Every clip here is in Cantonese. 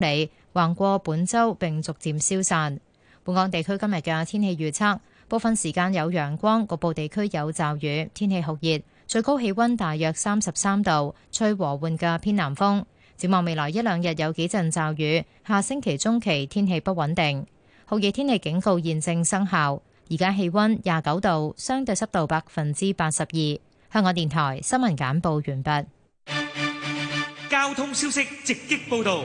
你嚟橫過本州，並逐漸消散。本港地區今日嘅天氣預測：部分時間有陽光，局部地區有驟雨，天氣酷熱，最高氣温大約三十三度，吹和緩嘅偏南風。展望未來一兩日有幾陣驟雨，下星期中期天氣不穩定，酷熱天氣警告現正生效。而家氣温廿九度，相對濕度百分之八十二。香港電台新聞簡報完畢。交通消息直擊報道。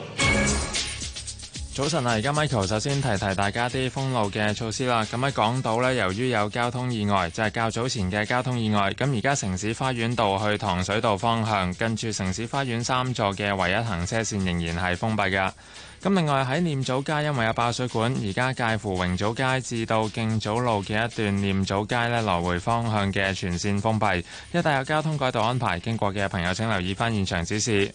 早晨啊！而家 Michael 首先提提大家啲封路嘅措施啦。咁喺港島咧，由於有交通意外，就係、是、較早前嘅交通意外。咁而家城市花園道去糖水道方向，近住城市花園三座嘅唯一行車線仍然係封閉噶。咁另外喺念祖街，因為有爆水管，而家介乎榮祖街至到敬祖路嘅一段念祖街咧，來回方向嘅全線封閉。一帶有交通改道安排，經過嘅朋友請留意翻現場指示。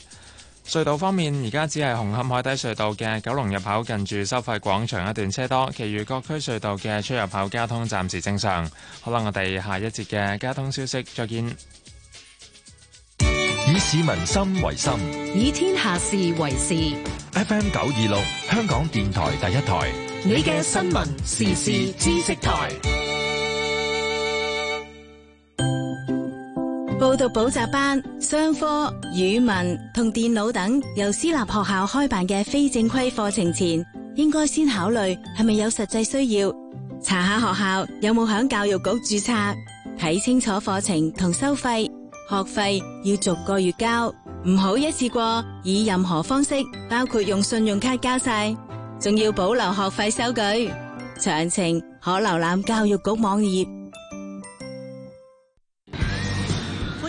隧道方面，而家只係紅磡海底隧道嘅九龍入口近住收費廣場一段車多，其餘各區隧道嘅出入口交通暫時正常。好啦，我哋下一節嘅交通消息再見。以市民心為心，以天下事為事。FM 九二六，香港電台第一台，你嘅新聞時事知識台。報讀補習班、商科、語文同電腦等由私立學校開辦嘅非正規課程前，應該先考慮係咪有實際需要，查下學校有冇響教育局注冊，睇清楚課程同收費。學費要逐個月交，唔好一次過，以任何方式，包括用信用卡交晒，仲要保留學費收據。詳情可瀏覽教育局網頁。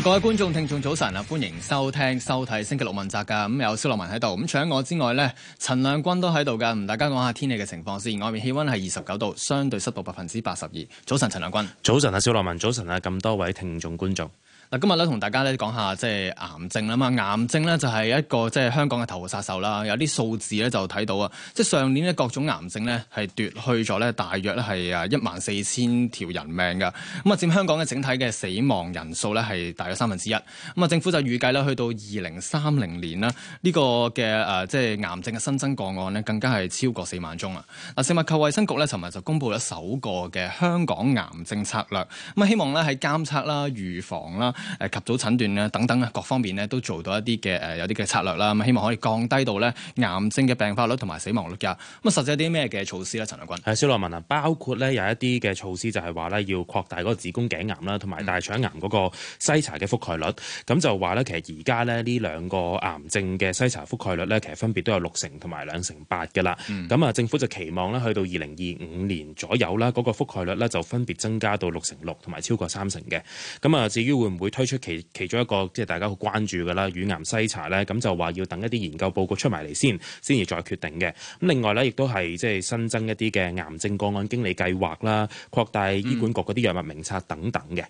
各位觀眾、聽眾，早晨啊！歡迎收聽、收睇《星期六問責》㗎。咁有蕭洛汶喺度，咁除咗我之外咧，陳亮均都喺度㗎。唔，大家講下天氣嘅情況先。外面氣温係二十九度，相對濕度百分之八十二。早晨，陳亮均。早晨啊，蕭洛汶。早晨啊，咁多位聽眾、觀眾。嗱，今日咧同大家咧講下即係癌症啦嘛，癌症咧就係一個即係香港嘅頭號殺手啦。有啲數字咧就睇到啊，即係上年呢各種癌症咧係奪去咗咧大約咧係啊一萬四千條人命嘅。咁啊，佔香港嘅整體嘅死亡人數咧係大約三分之一。咁啊，政府就預計咧去到二零三零年咧呢個嘅誒即係癌症嘅新增個案呢更加係超過四萬宗啊。嗱，食物及衞生局咧尋日就公布咗首個嘅香港癌症策略，咁啊希望咧喺監測啦、預防啦。誒及早診斷咧，等等啊，各方面咧都做到一啲嘅誒，有啲嘅策略啦，咁希望可以降低到咧癌症嘅病發率同埋死亡率噶。咁啊，實際有啲咩嘅措施咧，陳亮均？係蕭洛汶啊，包括咧有一啲嘅措施，就係話咧要擴大嗰個子宮頸癌啦，同埋大腸癌嗰個篩查嘅覆蓋率。咁、嗯、就話咧，其實而家咧呢兩個癌症嘅篩查覆蓋率咧，其實分別都有六成同埋兩成八㗎啦。嗯。咁啊，政府就期望咧去到二零二五年左右啦，嗰、那個覆蓋率咧就分別增加到六成六同埋超過三成嘅。咁啊，至於會唔會推出其其中一個即係大家好關注噶啦，乳癌篩查咧，咁就話要等一啲研究報告出埋嚟先，先至再決定嘅。咁另外咧，亦都係即係新增一啲嘅癌症個案經理計劃啦，擴大醫管局嗰啲藥物名冊等等嘅。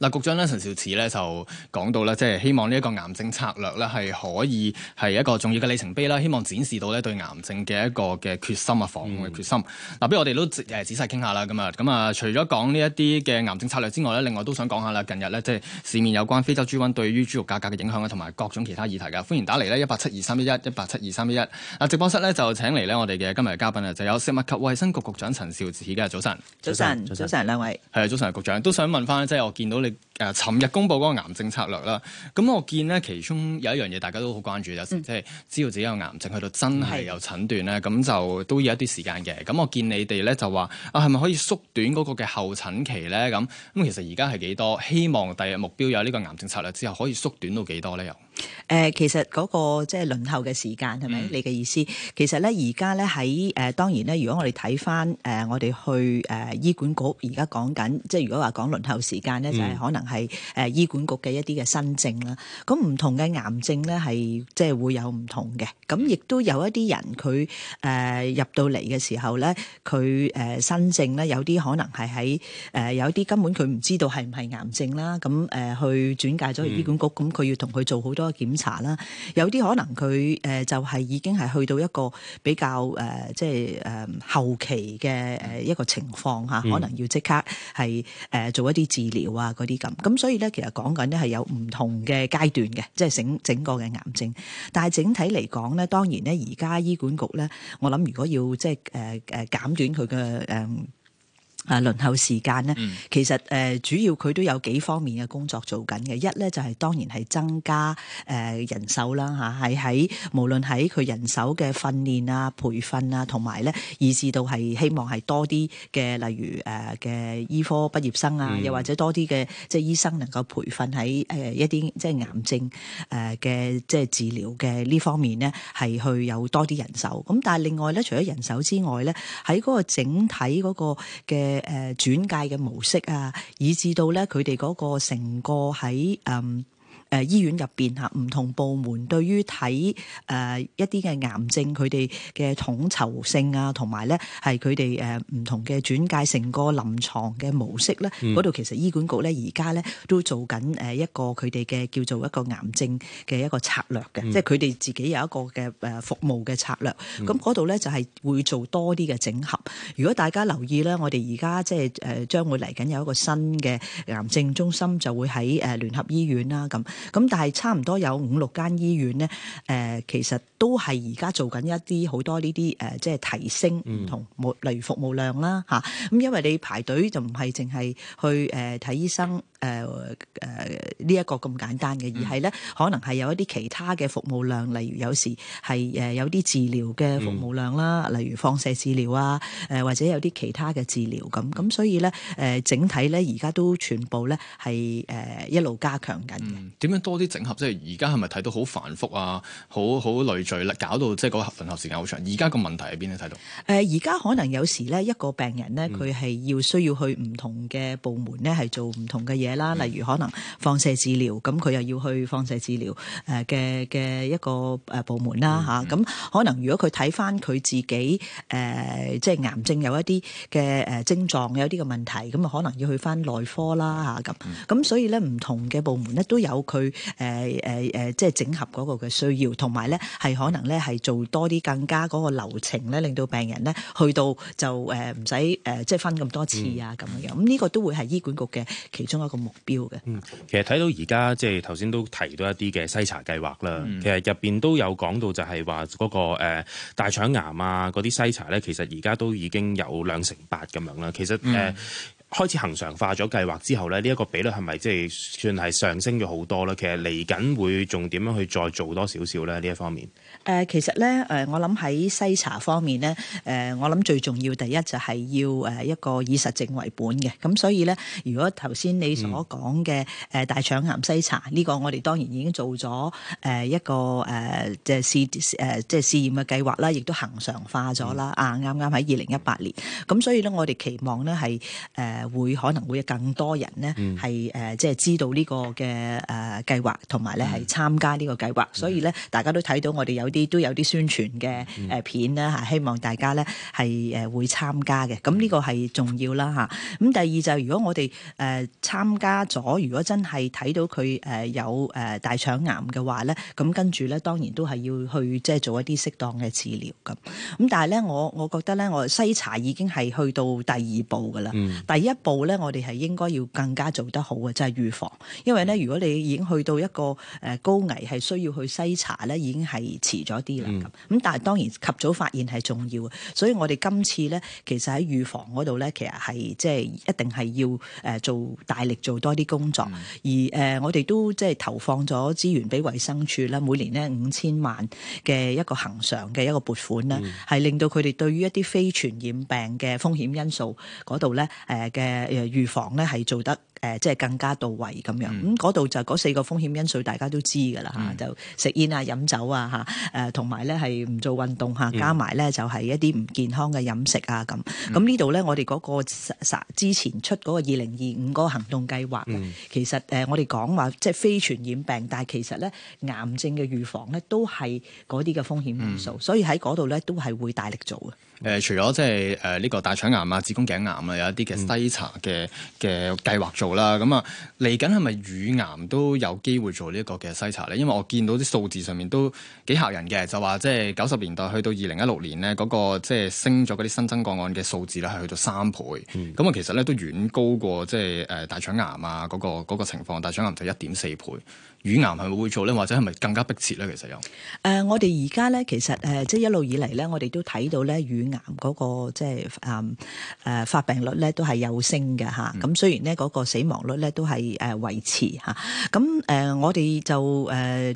嗱，局長咧陳肇始咧就講到咧，即係希望呢一個癌症策略咧係可以係一個重要嘅里程碑啦，希望展示到咧對癌症嘅一個嘅決心啊，防控嘅決心。嗱、嗯，不如我哋都誒仔細傾下啦，咁啊，咁啊，除咗講呢一啲嘅癌症策略之外咧，另外都想講下啦，近日咧即係市面有關非洲豬瘟對於豬肉價格嘅影響啊，同埋各種其他議題噶。歡迎打嚟咧一八七二三一一一八七二三一一。嗱，直播室咧就請嚟咧我哋嘅今日嘅嘉賓啊，就有食物及衞生局局長陳肇始嘅。早晨。早晨，早晨，兩位。係啊，早晨啊，局長都想問翻咧，即係我見到。到你誒，尋日公布嗰個癌症策略啦。咁我見咧，其中有一樣嘢大家都好關注，有即係知道自己有癌症，去到真係有診斷咧，咁、嗯、就都要一啲時間嘅。咁我見你哋咧就話啊，係咪可以縮短嗰個嘅候診期咧？咁咁其實而家係幾多？希望第日目標有呢個癌症策略之後，可以縮短到幾多咧？又？誒、呃，其實嗰個即係輪候嘅時間係咪？是是你嘅意思、嗯、其實咧，而家咧喺誒，當然咧，如果我哋睇翻誒，我哋去誒、呃、醫管局而家講緊，即係如果話講輪候時間咧，就係、是、可能係誒、呃、醫管局嘅一啲嘅新症啦。咁、嗯、唔同嘅癌症咧，係即係會有唔同嘅。咁亦都有一啲人佢誒、呃、入到嚟嘅時候咧，佢誒、呃、新症咧，有啲可能係喺誒有啲根本佢唔知道係唔係癌症啦。咁誒、呃、去轉介咗去醫管局，咁、嗯、佢要同佢做好多檢查。檢查啦，有啲可能佢誒就係已經係去到一個比較誒、呃、即係誒、呃、後期嘅誒一個情況吓，可能要即刻係誒、呃、做一啲治療啊嗰啲咁。咁所以咧，其實講緊咧係有唔同嘅階段嘅，即係整整個嘅癌症。但係整體嚟講咧，當然咧而家醫管局咧，我諗如果要即係誒誒減短佢嘅誒。呃啊，輪候時間咧、嗯，其實誒、呃、主要佢都有幾方面嘅工作做緊嘅。一咧就係、是、當然係增加誒、呃、人手啦嚇，係喺無論喺佢人手嘅訓練啊、培訓啊，同埋咧，以至到係希望係多啲嘅，例如誒嘅、呃、醫科畢業生啊，嗯、又或者多啲嘅即係醫生能夠培訓喺、呃、一啲即係癌症誒嘅、呃、即係治療嘅呢方面咧，係去有多啲人手。咁但係另外咧，除咗人手之外咧，喺嗰個整體嗰個嘅。誒轉介嘅模式啊，以至到咧佢哋嗰個成個喺嗯。誒醫院入邊嚇，唔同部門對於睇誒一啲嘅癌症，佢哋嘅統籌性啊，同埋咧係佢哋誒唔同嘅轉介，成個臨床嘅模式咧，嗰、嗯、度其實醫管局咧而家咧都做緊誒一個佢哋嘅叫做一個癌症嘅一個策略嘅，嗯、即係佢哋自己有一個嘅誒服務嘅策略。咁嗰度咧就係會做多啲嘅整合。如果大家留意咧，我哋而家即係誒將會嚟緊有一個新嘅癌症中心，就會喺誒聯合醫院啦咁。咁但係差唔多有五六間醫院咧、呃，其實都係而家做緊一啲好多呢啲、呃、即係提升同、呃、例如服務量啦吓咁、嗯、因為你排隊就唔係淨係去睇、呃、醫生呢一、呃呃呢個咁簡單嘅，而係咧可能係有一啲其他嘅服務量，例如有時係有啲治療嘅服務量啦、呃，例如放射治療啊、呃，或者有啲其他嘅治療咁咁，所以咧、呃、整體咧而家都全部咧係、呃、一路加強緊嘅。嗯點樣多啲整合？即係而家係咪睇到好繁複啊？好好累贅啦，搞到即係嗰個混合時間好長。而家個問題喺邊咧？睇到誒，而家可能有時咧，一個病人咧，佢係要需要去唔同嘅部門咧，係做唔同嘅嘢啦。例如可能放射治療，咁佢又要去放射治療誒嘅嘅一個誒部門啦嚇。咁、嗯啊、可能如果佢睇翻佢自己誒，即、呃、係、就是、癌症有一啲嘅誒症狀，有啲嘅問題，咁啊可能要去翻內科啦嚇咁。咁、啊嗯、所以咧唔同嘅部門咧都有。去誒誒誒，即係整合嗰個嘅需要，同埋咧係可能咧係做多啲更加嗰個流程咧，令到病人咧去到就誒唔使誒，即係分咁多次啊咁樣。咁呢個都會係醫管局嘅其中一個目標嘅。嗯，其實睇到而家即係頭先都提到一啲嘅篩查計劃啦。其實入邊都有講到就係話嗰個誒大腸癌啊嗰啲篩查咧，其實而家都已經有兩成八咁樣啦。其實誒。開始恒常化咗計劃之後咧，呢、這、一個比率係咪即係算係上升咗好多咧？其實嚟緊會仲點樣去再做多少少咧？呢一方面，誒其實咧，誒我諗喺篩查方面咧，誒、呃、我諗最重要第一就係要誒一個以實證為本嘅，咁所以咧，如果頭先你所講嘅誒大腸癌篩查呢、嗯這個，我哋當然已經做咗誒一個誒即係試誒即係試驗嘅計劃啦，亦都恒常化咗啦、嗯。啊，啱啱喺二零一八年，咁所以咧，我哋期望咧係誒。呃會可能會更多人咧係誒，即係知道呢個嘅誒計劃，同埋咧係參加呢個計劃。所以咧，大家都睇到我哋有啲都有啲宣傳嘅誒片啦，嚇，希望大家咧係誒會參加嘅。咁呢個係重要啦嚇。咁第二就係如果我哋誒參加咗，如果真係睇到佢誒有誒大腸癌嘅話咧，咁跟住咧當然都係要去即係做一啲適當嘅治療咁。咁但係咧，我我覺得咧，我哋篩查已經係去到第二步噶啦，第一步咧，我哋係應該要更加做得好嘅，即係預防。因為咧，如果你已經去到一個誒高危，係需要去篩查咧，已經係遲咗啲啦。咁咁，但係當然及早發現係重要嘅。所以，我哋今次咧，其實喺預防嗰度咧，其實係即係一定係要誒做大力做多啲工作。嗯、而誒，我哋都即係投放咗資源俾衛生署啦，每年咧五千萬嘅一個恒常嘅一個撥款啦，係、嗯、令到佢哋對於一啲非傳染病嘅風險因素嗰度咧，誒。嘅誒預防咧，係做得。誒，即係更加到位咁樣，咁嗰度就嗰四個風險因素大家都知㗎啦嚇，就食煙啊、飲酒啊嚇，誒同埋咧係唔做運動嚇，加埋咧就係、係、一啲唔健康嘅飲食啊咁。咁、嗯、呢度咧，我哋嗰、嗰個之前出嗰個二零二五嗰個行動計劃，嗯、其實誒我哋講話即係非傳染病，但係其實咧癌症嘅預防咧都係嗰啲嘅風險因素、嗯，所以喺嗰度咧都係會大力做嘅。誒、呃，除咗即係誒呢個大腸癌啊、子宮頸癌啊，有一啲嘅篩查嘅嘅計劃做。啦咁啊，嚟緊係咪乳癌都有機會做呢一個嘅篩查咧？因為我見到啲數字上面都幾嚇人嘅，就話即係九十年代去到二零一六年咧，嗰個即係升咗嗰啲新增個案嘅數字咧，係去到三倍。咁啊，其實咧都遠高過即係誒大腸癌啊嗰個嗰個情況，大腸癌就一點四倍。乳癌係咪會做咧？或者係咪更加迫切咧、呃？其實有誒、呃，我哋而家咧，其實誒，即係一路以嚟咧，我哋都睇到咧，乳癌嗰個即係誒誒發病率咧，都係有升嘅嚇。咁、嗯、雖然咧，嗰、嗰個死亡率咧都係誒維持嚇。咁、啊、誒、呃，我哋就誒。呃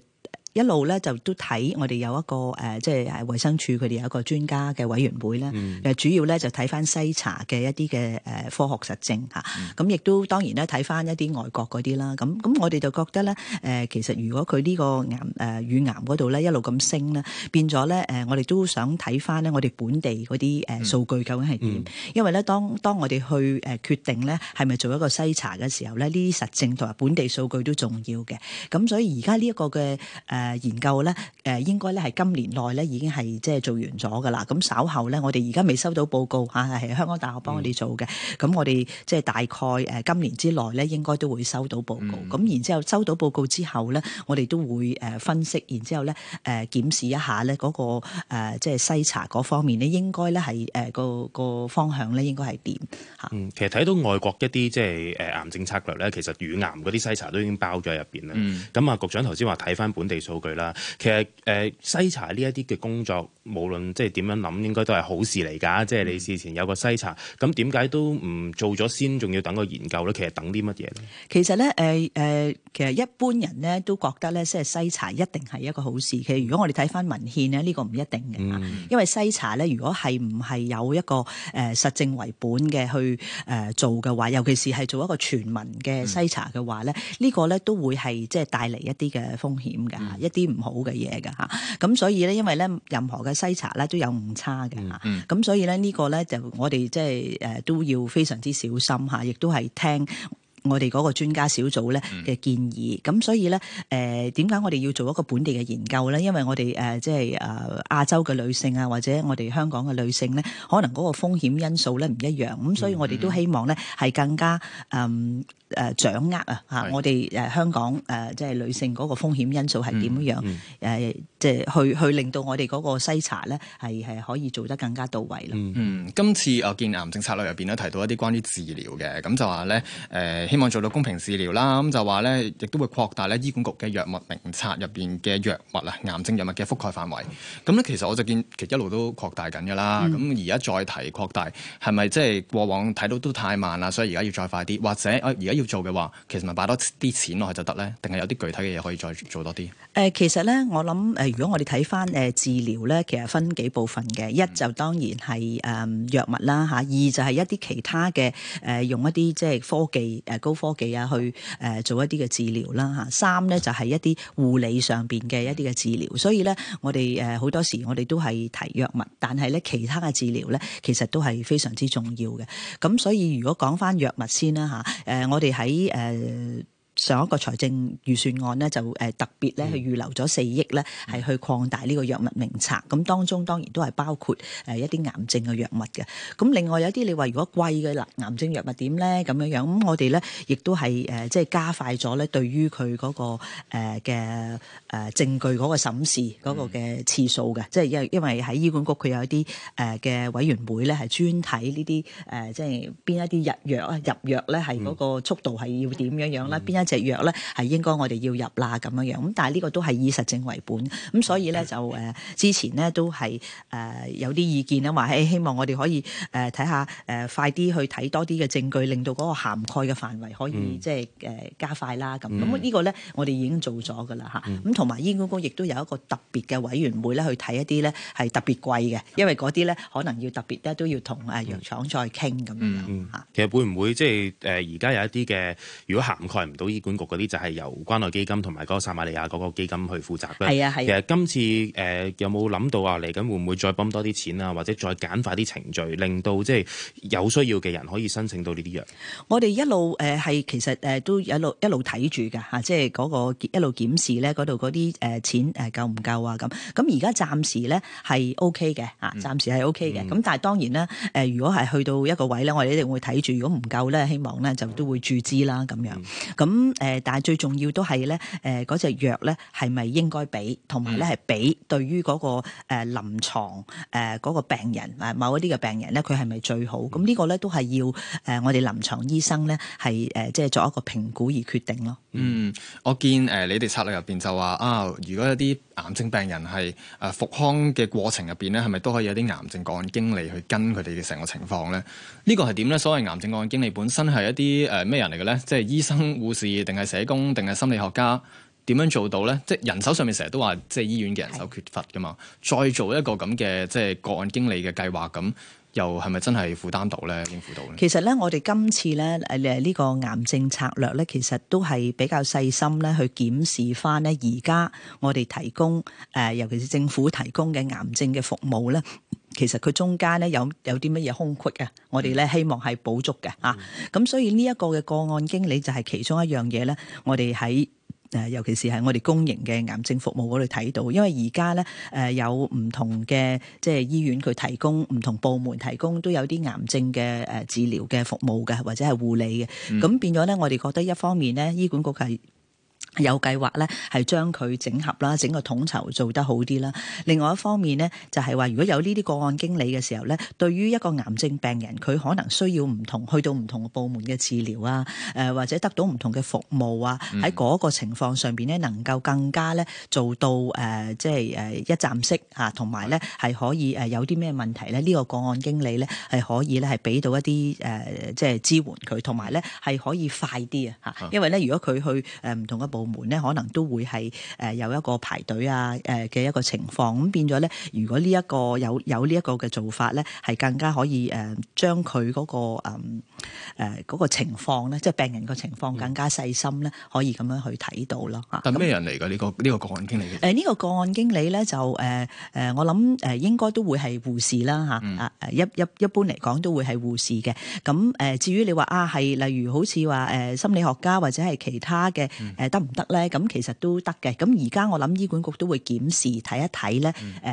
一路咧就都睇我哋有一個，誒、呃，即係誒衛生署佢哋有一個專家嘅委員會咧、嗯，主要咧就睇翻篩查嘅一啲嘅科學實證吓。咁、嗯、亦、啊、都當然咧睇翻一啲外國嗰啲啦。咁，咁我哋就覺得咧，誒、呃，其實如果佢呢個癌誒、呃、乳癌嗰度咧一路咁升咧，變咗咧誒，我哋都想睇翻咧我哋本地嗰啲誒數據究竟係點，嗯嗯，因為咧當當我哋去誒決定咧係咪做一個篩查嘅時候咧，呢啲實證同埋本地數據都重要嘅。咁所以而家呢一個嘅誒研究咧，誒應該咧係今年內咧已經係即係做完咗噶啦。咁稍後咧，我哋而家未收到報告嚇，係香港大學幫我哋做嘅。咁、嗯、我哋即係大概誒今年之內咧，應該都會收到報告。咁、嗯、然之後收到報告之後咧，我哋都會誒分析，然之後咧誒檢視一下咧、那、嗰個即係、就是、篩查嗰方面咧，應該咧係誒個個方向咧應該係點嚇？其實睇到外國的一啲即係誒癌症策略咧，其實乳癌嗰啲篩查都已經包咗喺入邊啦。咁、嗯、啊，局長頭先話睇翻本地。數據啦，其實誒篩、呃、查呢一啲嘅工作，無論即係點樣諗，應該都係好事嚟㗎。即係你事前有個篩查，咁點解都唔做咗先，仲要等個研究咧？其實等啲乜嘢咧？其實咧誒誒，其實一般人咧都覺得咧，即係篩查一定係一個好事其實嘅、這個嗯。如果我哋睇翻文獻咧，呢個唔一定嘅，因為篩查咧，如果係唔係有一個誒實證為本嘅去誒做嘅話，尤其是係做一個全民嘅篩查嘅話咧，嗯這個、呢個咧都會係即係帶嚟一啲嘅風險㗎。一啲唔好嘅嘢嘅嚇，咁所以咧，因為咧，任何嘅篩查咧都有誤差嘅嚇，咁、嗯嗯、所以咧呢、呢個咧就我哋即係誒都要非常之小心嚇，亦都係聽我哋嗰個專家小組咧嘅建議，咁、嗯、所以咧誒點解我哋要做一個本地嘅研究咧？因為我哋誒即係誒亞洲嘅女性啊，或者我哋香港嘅女性咧，可能嗰個風險因素咧唔一樣，咁、嗯、所以我哋都希望咧係更加嗯。誒掌握啊！嚇，我哋誒香港誒即係女性嗰個風險因素係點樣？誒即係去去令到我哋嗰個篩查咧係係可以做得更加到位啦。嗯，今次我見癌症策略入邊咧提到一啲關於治療嘅，咁就話咧誒希望做到公平治療啦。咁就話咧亦都會擴大咧醫管局嘅藥物名冊入邊嘅藥物啊，癌症藥物嘅覆蓋範圍。咁咧其實我就見，其實一路都擴大緊㗎啦。咁而家再提擴大係咪即係過往睇到都太慢啦？所以而家要再快啲，或者而家。要做嘅話，其實咪擺多啲錢落去就得咧，定係有啲具體嘅嘢可以再做多啲？誒、呃，其實咧，我諗誒如果我哋睇翻誒治療咧，其實分幾部分嘅。一就當然係誒藥物啦吓，二就係、是、一啲其他嘅誒、呃、用一啲即係科技誒、呃、高科技啊去誒、呃、做一啲嘅治療啦吓，三咧就係、是、一啲護理上邊嘅一啲嘅治療、嗯，所以咧，我哋誒好多時我哋都係提藥物，但係咧其他嘅治療咧，其實都係非常之重要嘅。咁所以如果講翻藥物先啦吓誒我哋。喺誒。上一個財政預算案咧，就誒特別咧去預留咗四億咧，係去擴大呢個藥物名冊。咁當中當然都係包括誒一啲癌症嘅藥物嘅。咁另外有啲你話如果貴嘅癌癌症藥物點咧咁樣樣，咁我哋咧亦都係誒即係加快咗咧對於佢嗰個嘅誒證據嗰個審視嗰個嘅次數嘅。即係因因為喺醫管局佢有一啲誒嘅委員會咧係專睇呢啲誒即係邊一啲入藥啊入藥咧係嗰個速度係要點樣樣啦，邊一？隻藥咧係應該我哋要入啦咁樣樣，咁但係呢個都係以實證為本，咁所以咧就誒之前咧都係誒有啲意見啦，話希望我哋可以誒睇下誒快啲去睇多啲嘅證據，令到嗰個涵蓋嘅範圍可以即係誒加快啦咁。咁、嗯、呢、這個咧我哋已經做咗噶啦嚇，咁同埋醫管局亦都有一個特別嘅委員會咧去睇一啲咧係特別貴嘅，因為嗰啲咧可能要特別咧都要同誒藥廠再傾咁、嗯、樣嚇。其實會唔會即係誒而家有一啲嘅，如果涵蓋唔到？管局嗰啲就係由關愛基金同埋嗰個撒瑪利亞嗰個基金去負責啦。係啊係、啊。其實今次誒、呃、有冇諗到啊嚟緊會唔會再揼多啲錢啊？或者再簡化啲程序，令到即係有需要嘅人可以申請到呢啲藥？我哋一路誒係、呃、其實誒都一路一路睇住㗎嚇，即係嗰個一路檢視咧嗰度嗰啲誒錢誒夠唔夠啊咁。咁而家暫時咧係 OK 嘅、嗯、啊，暫時係 OK 嘅。咁、嗯、但係當然啦，誒、呃，如果係去到一個位咧，我哋一定會睇住。如果唔夠咧，希望咧就都會注資啦咁樣。咁、嗯嗯誒，但係最重要都係咧，誒、那個，嗰隻藥咧係咪應該俾，同埋咧係俾對於嗰個誒臨床誒嗰個病人，誒某一啲嘅病人咧，佢係咪最好？咁呢個咧都係要誒我哋臨床醫生咧係誒即係作一個評估而決定咯。嗯，我見誒你哋策略入邊就話啊，如果有啲。癌症病人係誒、呃、復康嘅過程入邊咧，係咪都可以有啲癌症個案經理去跟佢哋嘅成個情況咧？呢個係點咧？所謂癌症個案經理本身係一啲誒咩人嚟嘅咧？即係醫生、護士，定係社工，定係心理學家？點樣做到咧？即係人手上面成日都話，即係醫院嘅人手缺乏㗎嘛？再做一個咁嘅即係個案經理嘅計劃咁。又係咪真係負擔到咧？應付到咧？其實咧，我哋今次咧誒誒呢個癌症策略咧，其實都係比較細心咧，去檢視翻咧。而家我哋提供誒，尤其是政府提供嘅癌症嘅服務咧，其實佢中間咧有有啲乜嘢空隙呀，我哋咧希望係補足嘅啊。咁、嗯、所以呢一個嘅個案經理就係其中一樣嘢咧，我哋喺。誒，尤其是喺我哋公營嘅癌症服務嗰度睇到，因為而家咧誒有唔同嘅即係醫院佢提供唔同部門提供都有啲癌症嘅誒治療嘅服務嘅，或者係護理嘅。咁、嗯、變咗咧，我哋覺得一方面咧，醫管局係。有計劃咧，係將佢整合啦，整個統籌做得好啲啦。另外一方面咧，就係話如果有呢啲個案經理嘅時候咧，對於一個癌症病人，佢可能需要唔同去到唔同嘅部門嘅治療啊，或者得到唔同嘅服務啊，喺嗰個情況上邊咧，能夠更加咧做到、呃、即係一站式嚇，同埋咧係可以有啲咩問題咧，呢個個案經理咧係可以咧係俾到一啲、呃、即係支援佢，同埋咧係可以快啲啊，因為咧如果佢去唔同嘅部門部門咧，可能都會係誒有一個排隊啊誒嘅一個情況。咁變咗咧，如果呢一個有有呢一個嘅做法咧，係更加可以誒將佢嗰個嗯。誒、呃、嗰、那個情況咧，即係病人個情況更加細心咧、嗯，可以咁樣去睇到咯嚇。但係咩人嚟㗎？呢、這個呢、這個呃這個個案經理呢？誒呢個個案經理咧就誒誒、呃，我諗誒應該都會係護士啦嚇啊！嗯、一一一般嚟講都會係護士嘅。咁誒、呃、至於你話啊，係例如好似話誒心理學家或者係其他嘅誒得唔得咧？咁、呃嗯、其實都得嘅。咁而家我諗醫管局都會檢視睇一睇咧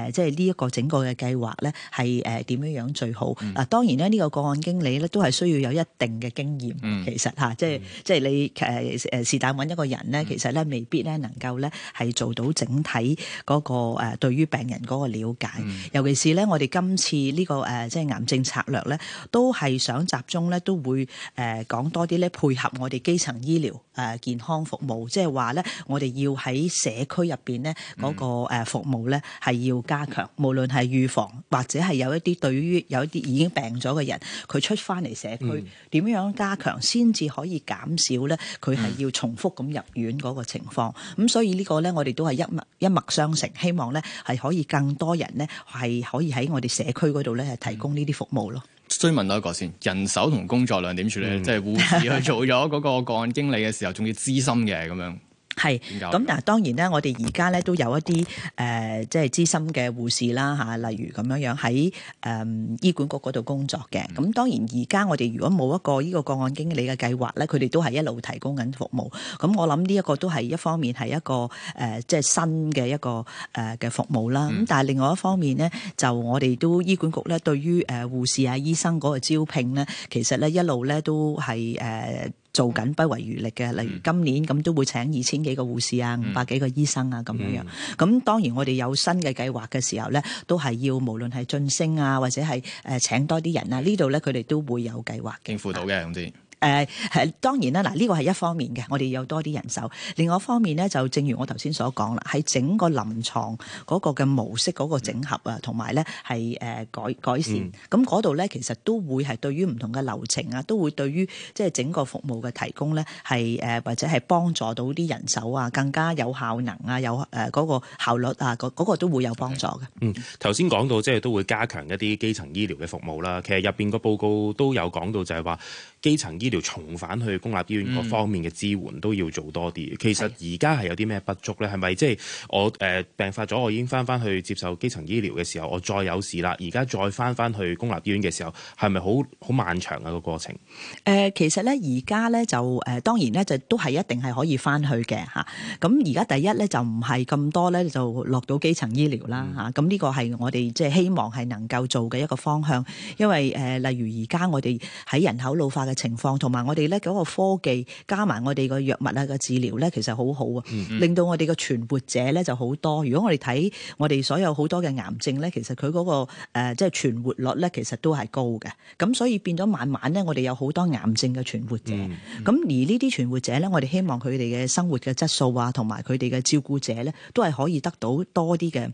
誒，即係呢一個整個嘅計劃咧係誒點樣樣最好嗱、嗯。當然咧，呢、這個個案經理咧都係需要有一，一定嘅經驗，嗯、其實吓、嗯，即係即係你誒誒，是但揾一個人咧、嗯，其實咧未必咧能夠咧係做到整體嗰、那個誒對於病人嗰個瞭解、嗯。尤其是咧，我哋今次呢、這個誒即係癌症策略咧，都係想集中咧，都會誒、呃、講多啲咧配合我哋基層醫療誒、呃、健康服務，即係話咧我哋要喺社區入邊咧嗰個服務咧係要加強，嗯、無論係預防或者係有一啲對於有一啲已經病咗嘅人，佢出翻嚟社區。嗯點樣加強先至可以減少咧？佢係要重複咁入院嗰個情況、嗯。咁所以呢個咧，我哋都係一脈一脈相承，希望咧係可以更多人咧係可以喺我哋社區嗰度咧係提供呢啲服務咯。追問多一個先，人手同工作量點處理？嗯、即係護士去做咗嗰個個案經理嘅時候，仲要資深嘅咁樣。係，咁但係當然咧，我哋而家咧都有一啲誒、呃，即係資深嘅護士啦、啊、例如咁樣樣喺誒醫管局嗰度工作嘅。咁、嗯、當然而家我哋如果冇一個呢個個案經理嘅計劃咧，佢哋都係一路提供緊服務。咁我諗呢一個都係一方面係一個誒、呃，即係新嘅一個誒嘅、呃、服務啦。咁、嗯、但係另外一方面咧，就我哋都醫管局咧對於誒、呃、護士啊醫生嗰個招聘咧，其實咧一路咧都係誒、呃做緊不遺餘力嘅，例如今年咁、嗯、都會請二千幾個護士啊，五百幾個醫生啊咁樣。咁、嗯、當然我哋有新嘅計劃嘅時候咧，都係要無論係晉升啊，或者係誒請多啲人啊，呢度咧佢哋都會有計劃嘅，應付到嘅咁啲。嗯誒、呃，係當然啦，嗱呢個係一方面嘅，我哋有多啲人手。另外一方面咧，就正如我頭先所講啦，喺整個臨床嗰個嘅模式嗰個整合啊，同埋咧係誒改改善。咁嗰度咧，其實都會係對於唔同嘅流程啊，都會對於即係整個服務嘅提供咧，係誒或者係幫助到啲人手啊，更加有效能啊，有誒嗰、呃嗰個效率啊，嗰、那、嗰個都會有幫助嘅。嗯，頭先講到即係都會加強一啲基層醫療嘅服務啦。其實入邊個報告都有講到就是說，就係話。基層醫療重返去公立醫院嗰方面嘅支援、嗯、都要做多啲。其實而家係有啲咩不足咧？係咪即係我誒、呃、病發咗，我已經翻翻去接受基層醫療嘅時候，我再有事啦。而家再翻翻去公立醫院嘅時候，係咪好好漫長啊個過程？誒、呃，其實咧，而家咧就誒、呃、當然咧就都係一定係可以翻去嘅嚇。咁而家第一咧就唔係咁多咧，就落到基層醫療啦嚇。咁、嗯、呢、啊、個係我哋即係希望係能夠做嘅一個方向，因為誒、呃、例如而家我哋喺人口老化嘅。情況同埋我哋咧嗰個科技加埋我哋個藥物啊個治療咧，其實好好啊，令到我哋個存活者咧就好多。如果我哋睇我哋所有好多嘅癌症咧，其實佢嗰個誒即係存活率咧，其實都係高嘅。咁所以變咗慢慢咧，我哋有好多癌症嘅存活者。咁、嗯、而呢啲存活者咧，我哋希望佢哋嘅生活嘅質素啊，同埋佢哋嘅照顧者咧，都係可以得到多啲嘅。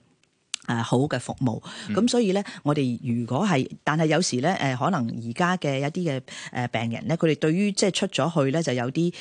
呃、好嘅服務，咁、嗯、所以咧，我哋如果係，但係有時咧、呃，可能而家嘅一啲嘅病人咧，佢哋對於即係出咗去咧，就有啲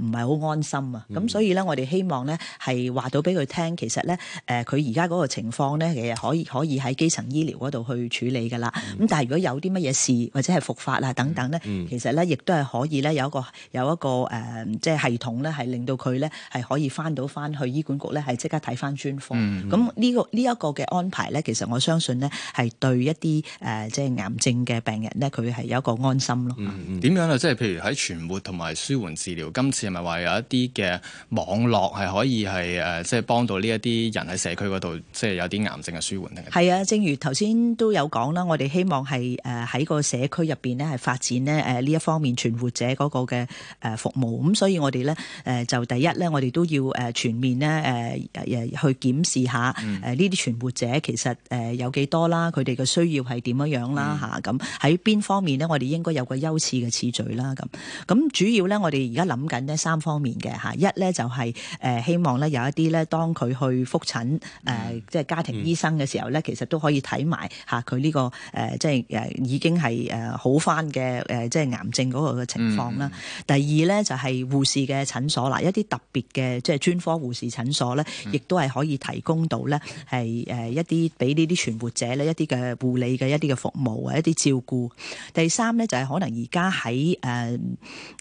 唔係好安心啊。咁、嗯、所以咧，我哋希望咧係話到俾佢聽，其實咧佢而家嗰個情況咧，其實可以可以喺基層醫療嗰度去處理噶啦。咁、嗯、但係如果有啲乜嘢事或者係復發啊等等咧、嗯，其實咧亦都係可以咧有一個有一個、呃、即係系統咧，係令到佢咧係可以翻到翻去醫管局咧係即刻睇翻專科。咁、嗯、呢、呢個呢一、呢個嘅。安排咧，其實我相信呢，係對一啲誒、呃、即係癌症嘅病人呢，佢係有一個安心咯。點、嗯嗯、樣啊？即係譬如喺存活同埋舒緩治療，今次係咪話有一啲嘅網絡係可以係誒、呃、即係幫到呢一啲人喺社區嗰度，即係有啲癌症嘅舒緩咧？係啊，正如頭先都有講啦，我哋希望係誒喺個社區入邊呢，係發展咧誒呢一方面存活者嗰個嘅誒服務。咁所以我哋咧誒就第一咧，我哋都要誒全面呢誒、呃呃、去檢視一下誒呢啲存活、嗯。者其實誒有幾多啦？佢哋嘅需要係點樣樣啦？吓咁喺邊方面咧？我哋應該有個優次嘅次序啦。咁咁主要咧，我哋而家諗緊呢三方面嘅吓。一咧就係誒希望咧有一啲咧，當佢去覆診誒，即係家庭醫生嘅時候咧、嗯嗯，其實都可以睇埋吓佢呢個誒，即係誒已經係誒好翻嘅誒，即、呃、係癌症嗰個嘅情況啦、嗯嗯。第二咧就係護士嘅診所啦，一啲特別嘅即係專科護士診所咧，亦都係可以提供到咧係誒。是呃一啲俾呢啲存活者咧一啲嘅護理嘅一啲嘅服務啊，一啲照顧。第三咧就係、是、可能而家喺誒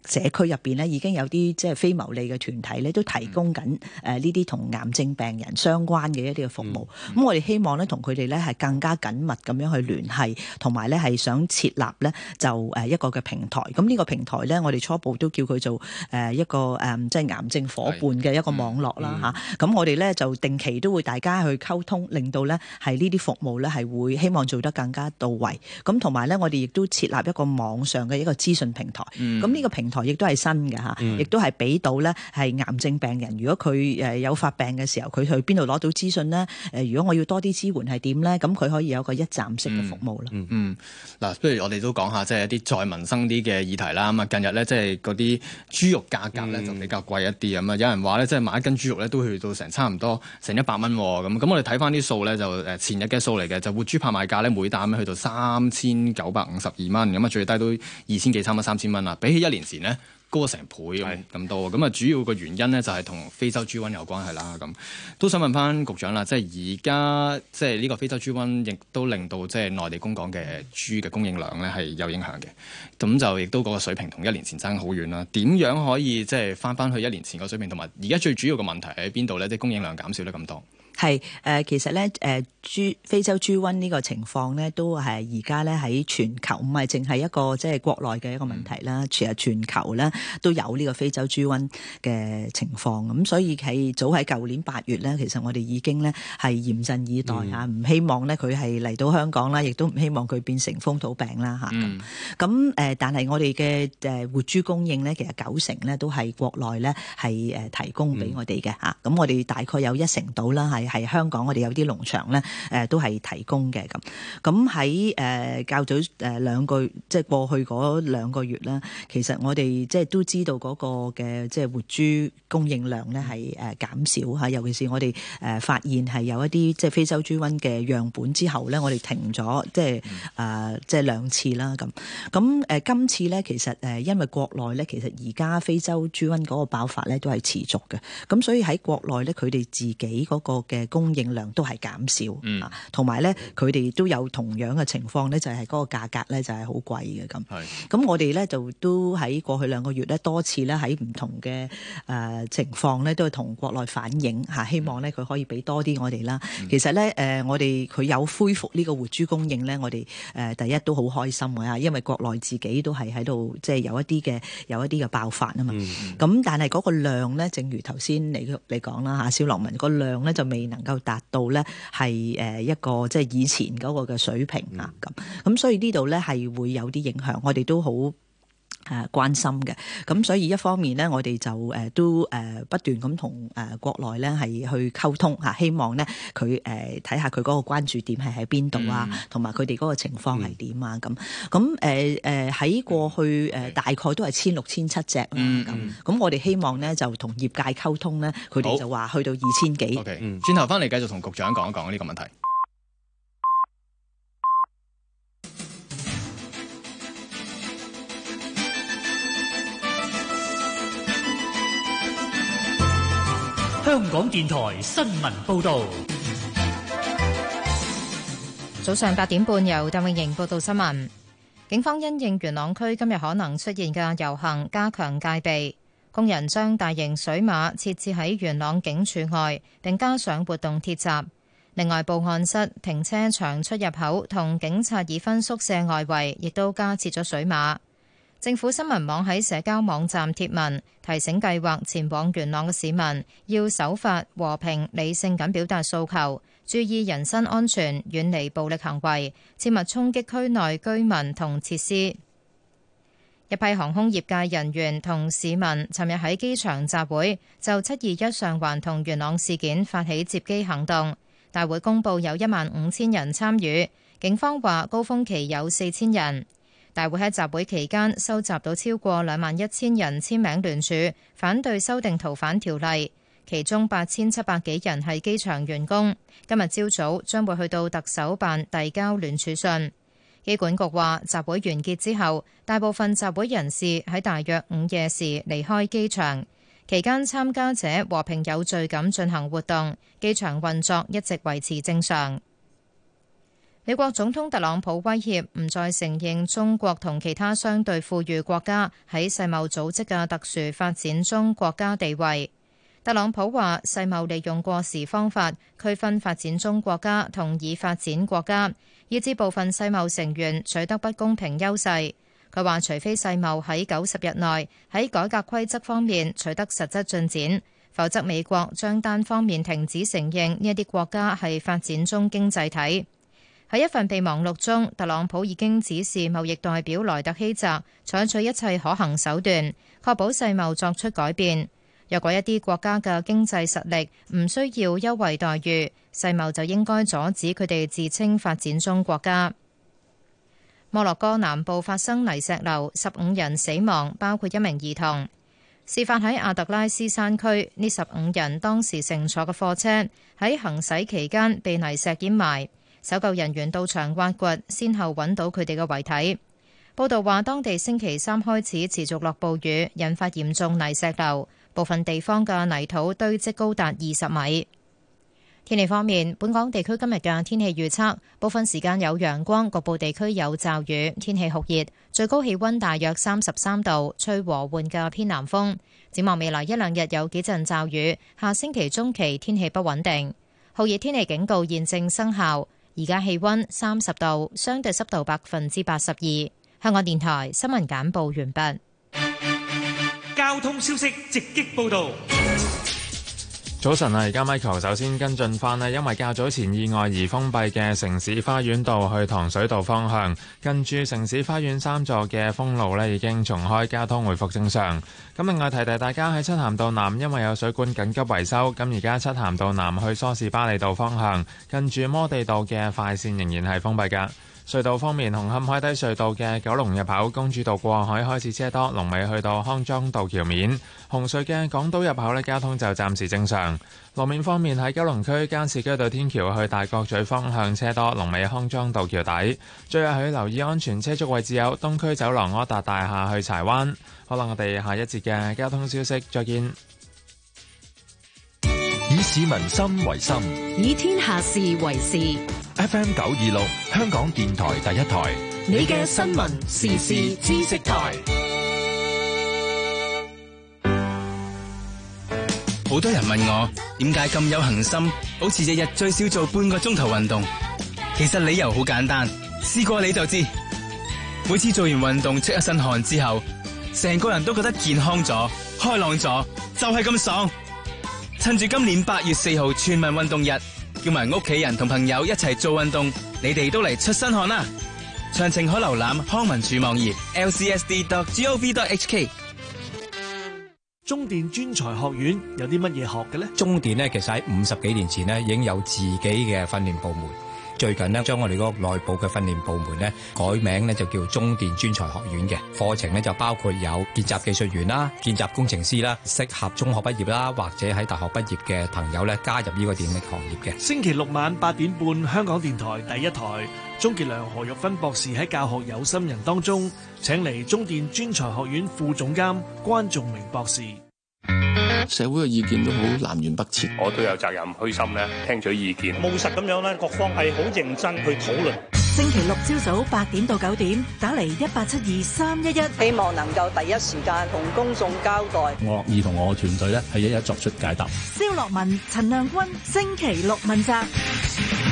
社區入邊咧已經有啲即係非牟利嘅團體咧都提供緊誒呢啲同癌症病人相關嘅一啲嘅服務。咁、嗯嗯、我哋希望咧同佢哋咧係更加緊密咁樣去聯繫，同埋咧係想設立咧就誒一個嘅平台。咁、嗯、呢、這個平台咧我哋初步都叫佢做誒、呃、一個誒、嗯、即係癌症伙伴嘅一個網絡啦吓。咁、嗯嗯啊、我哋咧就定期都會大家去溝通，令到到咧，係呢啲服務咧，係會希望做得更加到位。咁同埋咧，我哋亦都設立一個網上嘅一個資訊平台。咁、嗯、呢、這個平台亦都係新嘅㗎，亦都係俾到咧，係癌症病人如果佢誒有發病嘅時候，佢去邊度攞到資訊咧？誒，如果我要多啲支援係點咧？咁佢可以有一個一站式嘅服務啦。嗯，嗱、嗯嗯，不如我哋都講下即係一啲再民生啲嘅議題啦。咁啊，近日咧即係嗰啲豬肉價格咧就比較貴一啲咁啊。有人話咧，即係買一斤豬肉咧都去到成差唔多成一百蚊喎。咁咁，我哋睇返啲數咧。就前日嘅數嚟嘅，就活豬拍賣價咧每擔去到三千九百五十二蚊，咁啊最低都二千幾、三千、三千蚊啦。比起一年前呢，高咗成倍咁多，咁啊主要個原因呢，就係同非洲豬瘟有關係啦。咁都想問翻局長啦，即係而家即係呢個非洲豬瘟，亦都令到即係內地公港嘅豬嘅供應量呢係有影響嘅。咁就亦都嗰個水平同一年前爭好遠啦。點樣可以即係翻翻去一年前個水平？同埋而家最主要個問題喺邊度呢？即係供應量減少得咁多？係誒、呃，其實咧誒，豬、呃、非洲豬瘟呢個情況咧，都係而家咧喺全球，唔係淨係一個即係國內嘅一個問題啦。其實全球咧都有呢個非洲豬瘟嘅情況，咁所以係早喺舊年八月咧，其實我哋已經咧係嚴陣以待嚇，唔、嗯、希望咧佢係嚟到香港啦，亦都唔希望佢變成風土病啦吓，咁、嗯、誒、啊呃，但係我哋嘅誒活豬供應咧，其實九成咧都係國內咧係誒提供俾我哋嘅嚇。咁、嗯啊、我哋大概有一成到啦係。係香港，我哋有啲農場咧，誒、呃、都係提供嘅咁。咁喺誒較早誒兩個，即係過去嗰兩個月啦。其實我哋即係都知道嗰個嘅即係活豬供應量咧係誒減少嚇，尤其是我哋誒發現係有一啲即係非洲豬瘟嘅樣本之後咧，我哋停咗即係誒、呃、即係兩次啦咁。咁誒今次咧，其實誒因為國內咧，其實而家非洲豬瘟嗰個爆發咧都係持續嘅。咁所以喺國內咧，佢哋自己嗰個嘅。誒供應量都係減少，同埋咧佢哋都有同樣嘅情況咧，就係、是、嗰個價格咧就係好貴嘅咁。咁我哋咧就都喺過去兩個月咧多次咧喺唔同嘅誒、呃、情況咧都係同國內反映嚇，希望咧佢可以俾多啲我哋啦。其實咧誒、呃、我哋佢有恢復呢個活豬供應咧，我哋誒、呃、第一都好開心㗎，因為國內自己都係喺度即係有一啲嘅有一啲嘅爆發啊嘛。咁、嗯、但係嗰個量咧，正如頭先你你講啦嚇，蕭洛汶，個量咧就未。能夠達到咧係誒一個即係以前嗰個嘅水平啊咁，咁、嗯、所以呢度咧係會有啲影響，我哋都好。誒關心嘅咁，所以一方面咧，我哋就誒都誒不斷咁同誒國內咧係去溝通吓，希望咧佢誒睇下佢嗰個關注點係喺邊度啊，同埋佢哋嗰個情況係點啊咁，咁誒誒喺過去誒大概都係千六千七隻啦咁，咁、嗯嗯、我哋希望咧就同業界溝通咧，佢哋就話去到二千幾。O K，轉頭翻嚟繼續同局長講一講呢個問題。香港電台新聞報道，早上八點半由鄧永瑩報道新聞。警方因應元朗區今日可能出現嘅遊行，加強戒備。工人將大型水馬設置喺元朗警署外，並加上活動鐵閘。另外，報案室、停車場出入口同警察已婚宿舍外圍，亦都加設咗水馬。政府新聞網喺社交網站貼文提醒，計劃前往元朗嘅市民要守法、和平、理性，噉表達訴求，注意人身安全，遠離暴力行為，切勿衝擊區內居民同設施。一批航空業界人員同市民尋日喺機場集會，就七二一上環同元朗事件發起接機行動。大會公佈有一萬五千人參與，警方話高峰期有四千人。大會喺集會期間收集到超過兩萬一千人簽名聯署，反對修訂逃犯條例，其中八千七百幾人係機場員工。今日朝早將會去到特首辦遞交聯署信。機管局話，集會完結之後，大部分集會人士喺大約午夜時離開機場。期間參加者和平有序咁進行活動，機場運作一直維持正常。美國總統特朗普威脅唔再承認中國同其他相對富裕國家喺世貿組織嘅特殊發展中國家地位。特朗普話，世貿利用過時方法區分發展中國家同已發展國家，以致部分世貿成員取得不公平優勢。佢話，除非世貿喺九十日內喺改革規則方面取得實質進展，否則美國將單方面停止承認呢一啲國家係發展中經濟體。喺一份備忘錄中，特朗普已經指示貿易代表萊特希澤採取一切可行手段，確保世貿作出改變。若果一啲國家嘅經濟實力唔需要優惠待遇，世貿就應該阻止佢哋自稱發展中國家。摩洛哥南部發生泥石流，十五人死亡，包括一名兒童。事發喺阿特拉斯山區，呢十五人當時乘坐嘅貨車喺行駛期間被泥石掩埋。搜救人員到場挖掘，先後揾到佢哋嘅遺體。報道話，當地星期三開始持續落暴雨，引發嚴重泥石流，部分地方嘅泥土堆積高達二十米。天氣方面，本港地區今日嘅天氣預測，部分時間有陽光，局部地區有驟雨，天氣酷熱，最高氣溫大約三十三度，吹和緩嘅偏南風。展望未來一兩日有幾陣驟雨，下星期中期天氣不穩定，酷熱天氣警告現正生效。而家氣溫三十度，相對濕度百分之八十二。香港電台新聞簡報完畢。交通消息直擊報道。早晨啊，而家 Michael，首先跟進翻啊，因為較早前意外而封閉嘅城市花園道去糖水道方向，近住城市花園三座嘅封路咧已經重開交通，回復正常。咁另外提提大家喺漆咸道南，因為有水管緊急維修，咁而家漆咸道南去梳士巴利道方向，近住摩地道嘅快線仍然係封閉㗎。隧道方面，紅磡海底隧道嘅九龍入口公主道過海開始車多，龍尾去到康莊道橋面。紅隧嘅港島入口呢，交通就暫時正常。路面方面喺九龍區間市居道天橋去大角咀方向車多，龍尾康莊道橋底。最後係要留意安全車速位置有東區走廊柯達大廈去柴灣。好啦，我哋下一節嘅交通消息再見。以市民心為心，以天下事為事。FM 九二六，香港電台第一台。你嘅新聞、時事、知識台。好多人問我點解咁有恒心，保持日日最少做半個鐘頭運動。其實理由好簡單，試過你就知。每次做完運動出一身汗之後，成個人都覺得健康咗、開朗咗，就係咁爽。趁住今年八月四號全民運動日，叫埋屋企人同朋友一齊做運動，你哋都嚟出身汗啦！詳情可瀏覽康文署網頁 lcsd.gov.hk。中電專才學院有啲乜嘢學嘅咧？中電咧，其實喺五十幾年前咧已經有自己嘅訓練部門。最近呢將我哋嗰個內部嘅訓練部門改名，就叫中電專才學院。嘅課程就包括有見習技術員啦、見習工程師啦，適合中學畢業啦或者喺大學畢業嘅朋友咧加入呢個電力行業嘅。星期六晚八點半，香港電台第一台鍾杰良、結梁何玉芬博士喺教學有心人當中，請嚟中電專才學院副總監關仲明博士。社會嘅意見都好南轅北轍，我都有責任虛心咧聽取意見，務實咁樣咧，各方係好認真去討論。星期六朝早八點到九點，打嚟一八七二三一一，希望能夠第一時間同公眾交代，樂意同我嘅團隊咧係一,一一作出解答。蕭洛汶、陳亮均，星期六問責。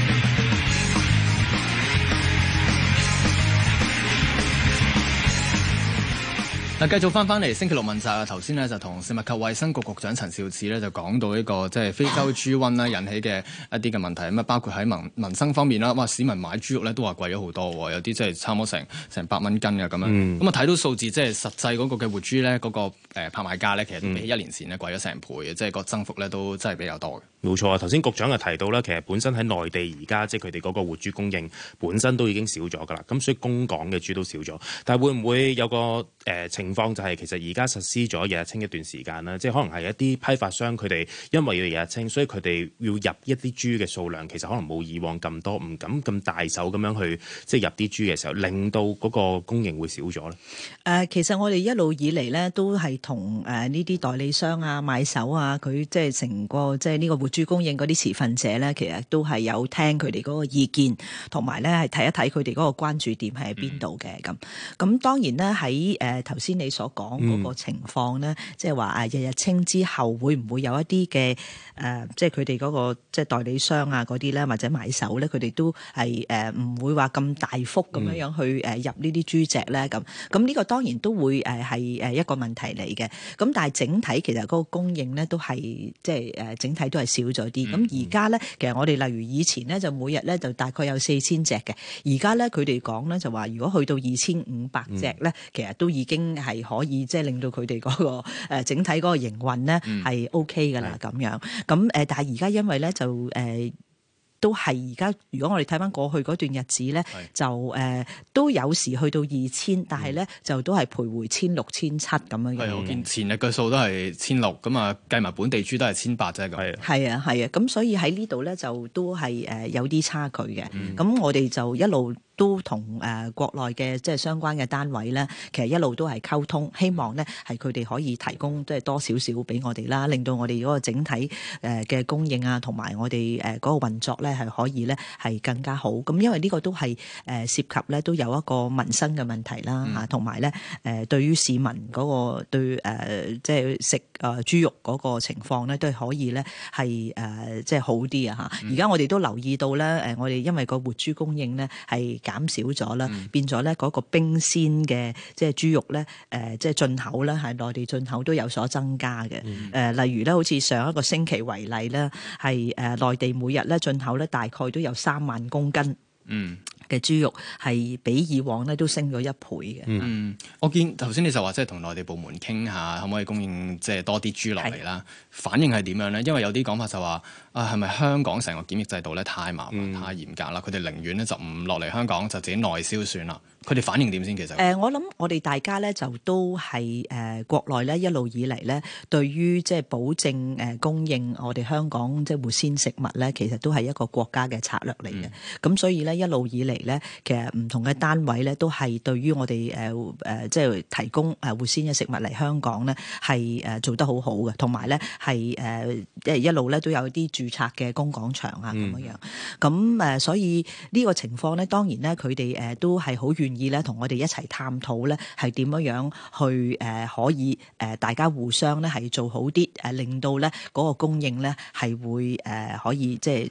嗱，繼續翻返嚟星期六問責啊！頭先咧就同食物及衛生局局長陳肇始咧、這個、就講到呢個即係非洲豬瘟咧引起嘅一啲嘅問題咁啊，包括喺民民生方面啦，哇！市民買豬肉咧都話貴咗好多喎，有啲即係差唔多成成百蚊斤嘅咁樣。咁啊睇到數字，即、就、係、是、實際嗰個嘅活豬咧、那個，嗰、呃、個拍賣價咧，其實比起一年前咧貴咗成倍嘅，即、嗯、係、就是、個增幅咧都真係比較多嘅。冇錯啊！頭先局長就提到啦，其實本身喺內地而家即係佢哋嗰個活豬供應本身都已經少咗㗎啦，咁所以供港嘅豬都少咗。但係會唔會有個誒、呃情況就係其實而家實施咗日日清一段時間啦，即係可能係一啲批發商佢哋因為要日日清，所以佢哋要入一啲豬嘅數量，其實可能冇以往咁多，唔敢咁大手咁樣去即係入啲豬嘅時候，令到嗰個供應會少咗咧。誒，其實我哋一路以嚟呢都係同誒呢啲代理商啊、買手啊，佢即係成個即係呢個活豬供應嗰啲持份者呢，其實都係有聽佢哋嗰個意見，同埋呢係睇一睇佢哋嗰個關注點係邊度嘅咁。咁當然呢喺誒頭先，你所講嗰個情況咧、嗯，即係話啊，日日清之後，會唔會有一啲嘅誒，即係佢哋嗰個即係代理商啊嗰啲咧，或者買手咧，佢哋都係誒唔會話咁大幅咁樣樣去誒入這些呢啲豬隻咧咁。咁呢、這個當然都會誒係誒一個問題嚟嘅。咁但係整體其實嗰個供應咧都係即係誒整體都係少咗啲。咁而家咧，其實我哋例如以前咧就每日咧就大概有四千隻嘅，而家咧佢哋講咧就話如果去到二千五百隻咧，其實都已經。係可以即係、就是、令到佢哋嗰個誒整體嗰個營運咧係 O K 噶啦咁樣，咁誒但係而家因為咧就誒、呃、都係而家如果我哋睇返過去嗰段日子咧，就誒、呃、都有時去到二千，但係咧就都係徘徊千六千七咁樣。係、嗯、我見前日嘅數都係千六，咁啊計埋本地豬都係千八啫咁。係啊係啊，咁所以喺呢度咧就都係誒有啲差距嘅。咁、嗯、我哋就一路。都同誒、呃、國內嘅即係相關嘅單位咧，其實一路都係溝通，希望咧係佢哋可以提供即係多少少俾我哋啦，令到我哋嗰個整體誒嘅供應啊，同埋我哋誒嗰個運作咧係可以咧係更加好。咁因為呢個都係誒涉及咧都有一個民生嘅問題啦嚇，同埋咧誒對於市民嗰，那個對、呃、即係食誒豬肉嗰個情況咧都係可以咧係誒即係好啲啊嚇。而家我哋都留意到咧誒，我哋因為個活豬供應咧係。係減少咗啦，變咗咧嗰個冰鮮嘅即係豬肉咧，誒即係進口咧，係內地進口都有所增加嘅。誒，例如咧，好似上一個星期為例咧，係誒內地每日咧進口咧大概都有三萬公斤嘅豬肉，係比以往咧都升咗一倍嘅。嗯，我見頭先你就話即係同內地部門傾下，可唔可以供應即係多啲豬落嚟啦？反應係點樣咧？因為有啲講法就話。啊、哎，係咪香港成個檢疫制度咧太麻煩、太嚴格啦？佢、嗯、哋寧願咧就唔落嚟香港，就自己內銷算啦。佢哋反應點先？其實誒，我諗我哋大家咧就都係誒國內咧一路以嚟咧，對於即係保證誒供應我哋香港即係活鮮食物咧，其實都係一個國家嘅策略嚟嘅。咁、嗯、所以咧一路以嚟咧，其實唔同嘅單位咧都係對於我哋誒誒即係提供誒活鮮嘅食物嚟香港咧係誒做得好好嘅，同埋咧係誒即係一路咧都有啲住預策嘅工廣場啊、嗯，咁樣，咁誒所以呢個情況咧，當然咧，佢哋誒都係好願意咧，同我哋一齊探討咧，係點樣樣去誒、呃、可以誒大家互相咧係做好啲誒令到咧嗰個供應咧係會誒、呃、可以即係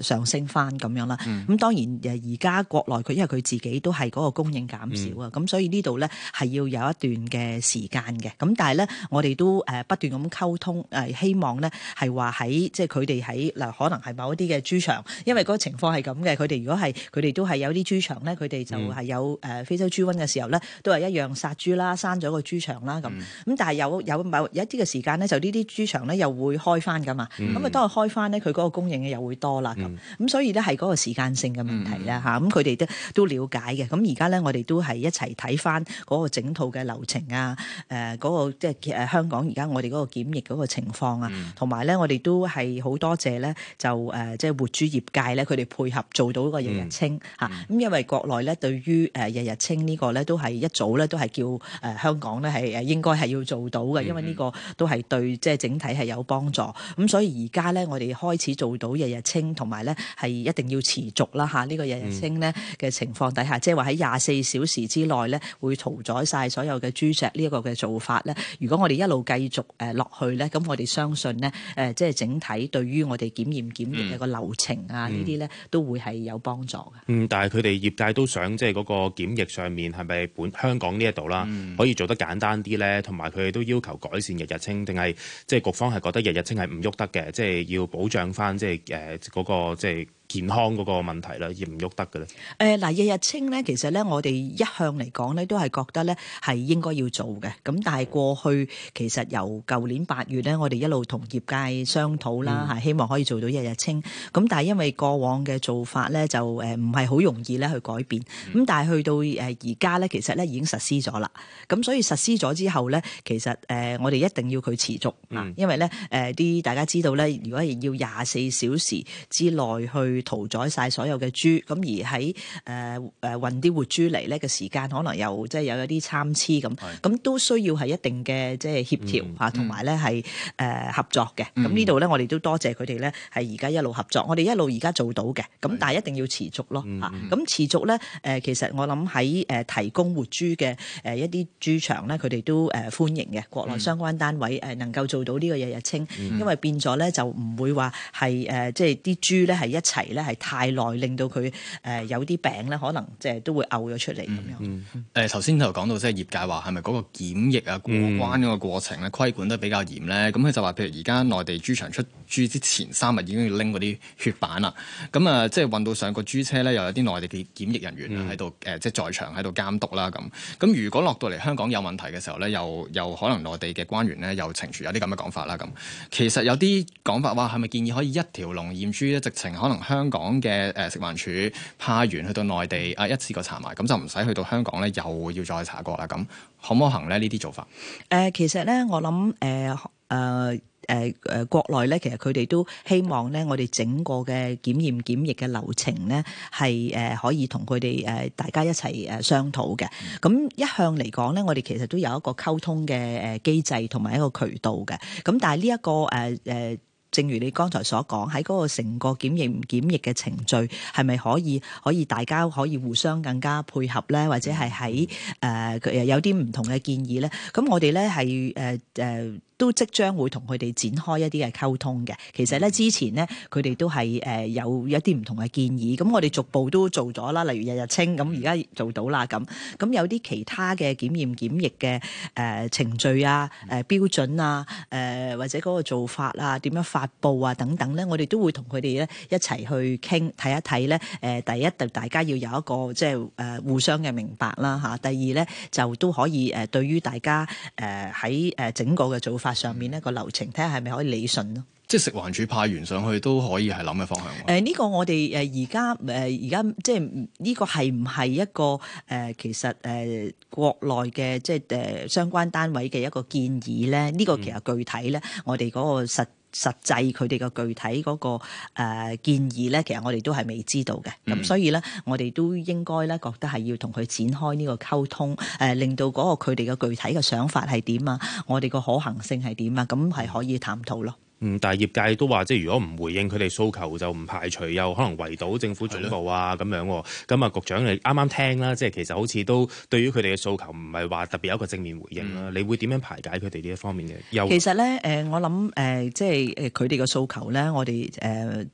誒上升翻咁樣啦。咁、嗯、當然誒而家國內佢因為佢自己都係嗰個供應減少啊，咁、嗯、所以呢度咧係要有一段嘅時間嘅。咁但係咧，我哋都誒不斷咁溝通誒希望咧係話喺即係佢哋。喺嗱，可能係某一啲嘅豬場，因為嗰個情況係咁嘅。佢哋如果係佢哋都係有啲豬場咧，佢哋就係有誒非洲豬瘟嘅時候咧，都係一樣殺豬啦，閂咗個豬場啦咁。咁、嗯、但係有有某一啲嘅時間咧，就呢啲豬場咧又會開翻噶嘛。咁、嗯、啊當佢開翻咧，佢嗰個供應嘅又會多啦咁。咁、嗯、所以咧係嗰個時間性嘅問題啦嚇。咁佢哋都都瞭解嘅。咁而家咧我哋都係一齊睇翻嗰個整套嘅流程啊，誒、呃、嗰個即係誒香港而家我哋嗰個檢疫嗰個情況啊，同埋咧我哋都係好多。借咧就誒，即係活豬業界咧，佢哋配合做到個日日清嚇。咁、嗯嗯、因為國內咧，對於誒日日清呢個咧，都係一早咧都係叫誒香港咧係誒應該係要做到嘅，因為呢個都係對即係整體係有幫助。咁所以而家咧，我哋開始做到日日清，同埋咧係一定要持續啦嚇。呢個日日清咧嘅情況底下，即係話喺廿四小時之內咧會屠宰晒所有嘅豬隻呢一個嘅做法咧。如果我哋一路繼續誒落去咧，咁我哋相信咧誒，即係整體對於。我哋檢驗檢疫嘅個流程啊，呢啲咧都會係有幫助嘅。嗯，但係佢哋業界都想即係嗰個檢疫上面係咪本香港呢一度啦，可以做得簡單啲咧？同埋佢哋都要求改善日日清，定係即係局方係覺得日日清係唔喐得嘅，即係要保障翻即係誒嗰個即係。就是健康嗰個問題咧，而唔喐得嘅咧。嗱、呃，日日清咧，其實咧，我哋一向嚟講咧，都係覺得咧係應該要做嘅。咁但係過去其實由舊年八月咧，我哋一路同業界商討啦，係、嗯、希望可以做到日日清。咁但係因為過往嘅做法咧，就誒唔係好容易咧去改變。咁、嗯、但係去到而家咧，其實咧已經實施咗啦。咁所以實施咗之後咧，其實誒我哋一定要佢持續，嗯、因為咧誒啲大家知道咧，如果係要廿四小時之內去。屠宰晒所有嘅豬，咁而喺誒誒運啲活豬嚟咧嘅時間可能又即係有一啲參差咁，咁都需要係一定嘅即係協調吓同埋咧係誒合作嘅。咁呢度咧，我哋都多謝佢哋咧，係而家一路合作，我哋一路而家做到嘅，咁但係一定要持續咯吓，咁持續咧，誒、呃、其實我諗喺誒提供活豬嘅誒一啲豬場咧，佢哋都誒歡迎嘅。國內相關單位誒能夠做到呢個日日清，嗯、因為變咗咧就唔會話係誒即係啲豬咧係一齊。係太耐，令到佢、呃、有啲病咧，可能即係都會嘔咗出嚟咁樣。誒頭先頭講到即係業界話係咪嗰個檢疫啊過關嗰個過程咧，嗯、規管得比較嚴咧？咁佢就話譬如而家內地豬場出豬之前三日已經要拎嗰啲血板啦，咁啊即係運到上個豬車咧，又有啲內地嘅檢疫人員喺度誒，即係在場喺度監督啦咁。咁如果落到嚟香港有問題嘅時候咧，又又可能內地嘅官員咧又懲處，有啲咁嘅講法啦咁。其實有啲講法話係咪建議可以一條龍驗豬咧，直情可能香香港嘅誒食環署派員去到內地啊，一次過查埋，咁就唔使去到香港咧，又要再查過啦。咁可唔可行咧？呢啲做法？誒、呃，其實咧，我諗誒誒誒誒，國內咧，其實佢哋都希望咧，我哋整個嘅檢驗檢疫嘅流程咧，係誒、呃、可以同佢哋誒大家一齊誒、呃、商討嘅。咁一向嚟講咧，我哋其實都有一個溝通嘅誒機制同埋一個渠道嘅。咁但係呢一個誒誒。呃呃正如你剛才所講，喺嗰個成個檢疫唔檢疫嘅程序，係咪可以可以大家可以互相更加配合咧？或者係喺誒佢有啲唔同嘅建議咧？咁我哋咧係誒誒。都即將會同佢哋展開一啲嘅溝通嘅。其實咧，之前咧，佢哋都係誒有一啲唔同嘅建議，咁我哋逐步都做咗啦，例如日日清，咁而家做到啦。咁咁有啲其他嘅檢驗檢疫嘅誒程序啊、誒標準啊、誒或者嗰個做法啊、點樣發佈啊等等咧，我哋都會同佢哋咧一齊去傾睇一睇咧。誒第一，就大家要有一個即係誒互相嘅明白啦吓，第二咧，就都可以誒對於大家誒喺誒整個嘅做法。上面呢個流程，睇下係咪可以理順咯。即係食環署派員上去都可以係諗嘅方向。誒、呃、呢、呢個我哋誒而家誒而家即係呢、呢個係唔係一個誒、呃、其實誒、呃、國內嘅即係誒、呃、相關單位嘅一個建議咧？呢、呢個其實具體咧、嗯，我哋嗰個實實際佢哋嘅具體嗰、那個、呃、建議咧，其實我哋都係未知道嘅，咁、嗯、所以咧，我哋都應該咧覺得係要同佢展開呢個溝通，誒、呃、令到嗰個佢哋嘅具體嘅想法係點啊，我哋個可行性係點啊，咁係可以探討咯。嗯，但係業界都話，即係如果唔回應佢哋訴求，就唔排除又可能圍堵政府總部啊咁樣。咁啊，局長你啱啱聽啦，即係其實好似都對於佢哋嘅訴求唔係話特別有一個正面回應啦，嗯。你會點樣排解佢哋呢一方面嘅憂鬱？其實咧，誒，我諗誒、呃，即係誒，佢哋嘅訴求咧，我哋誒。呃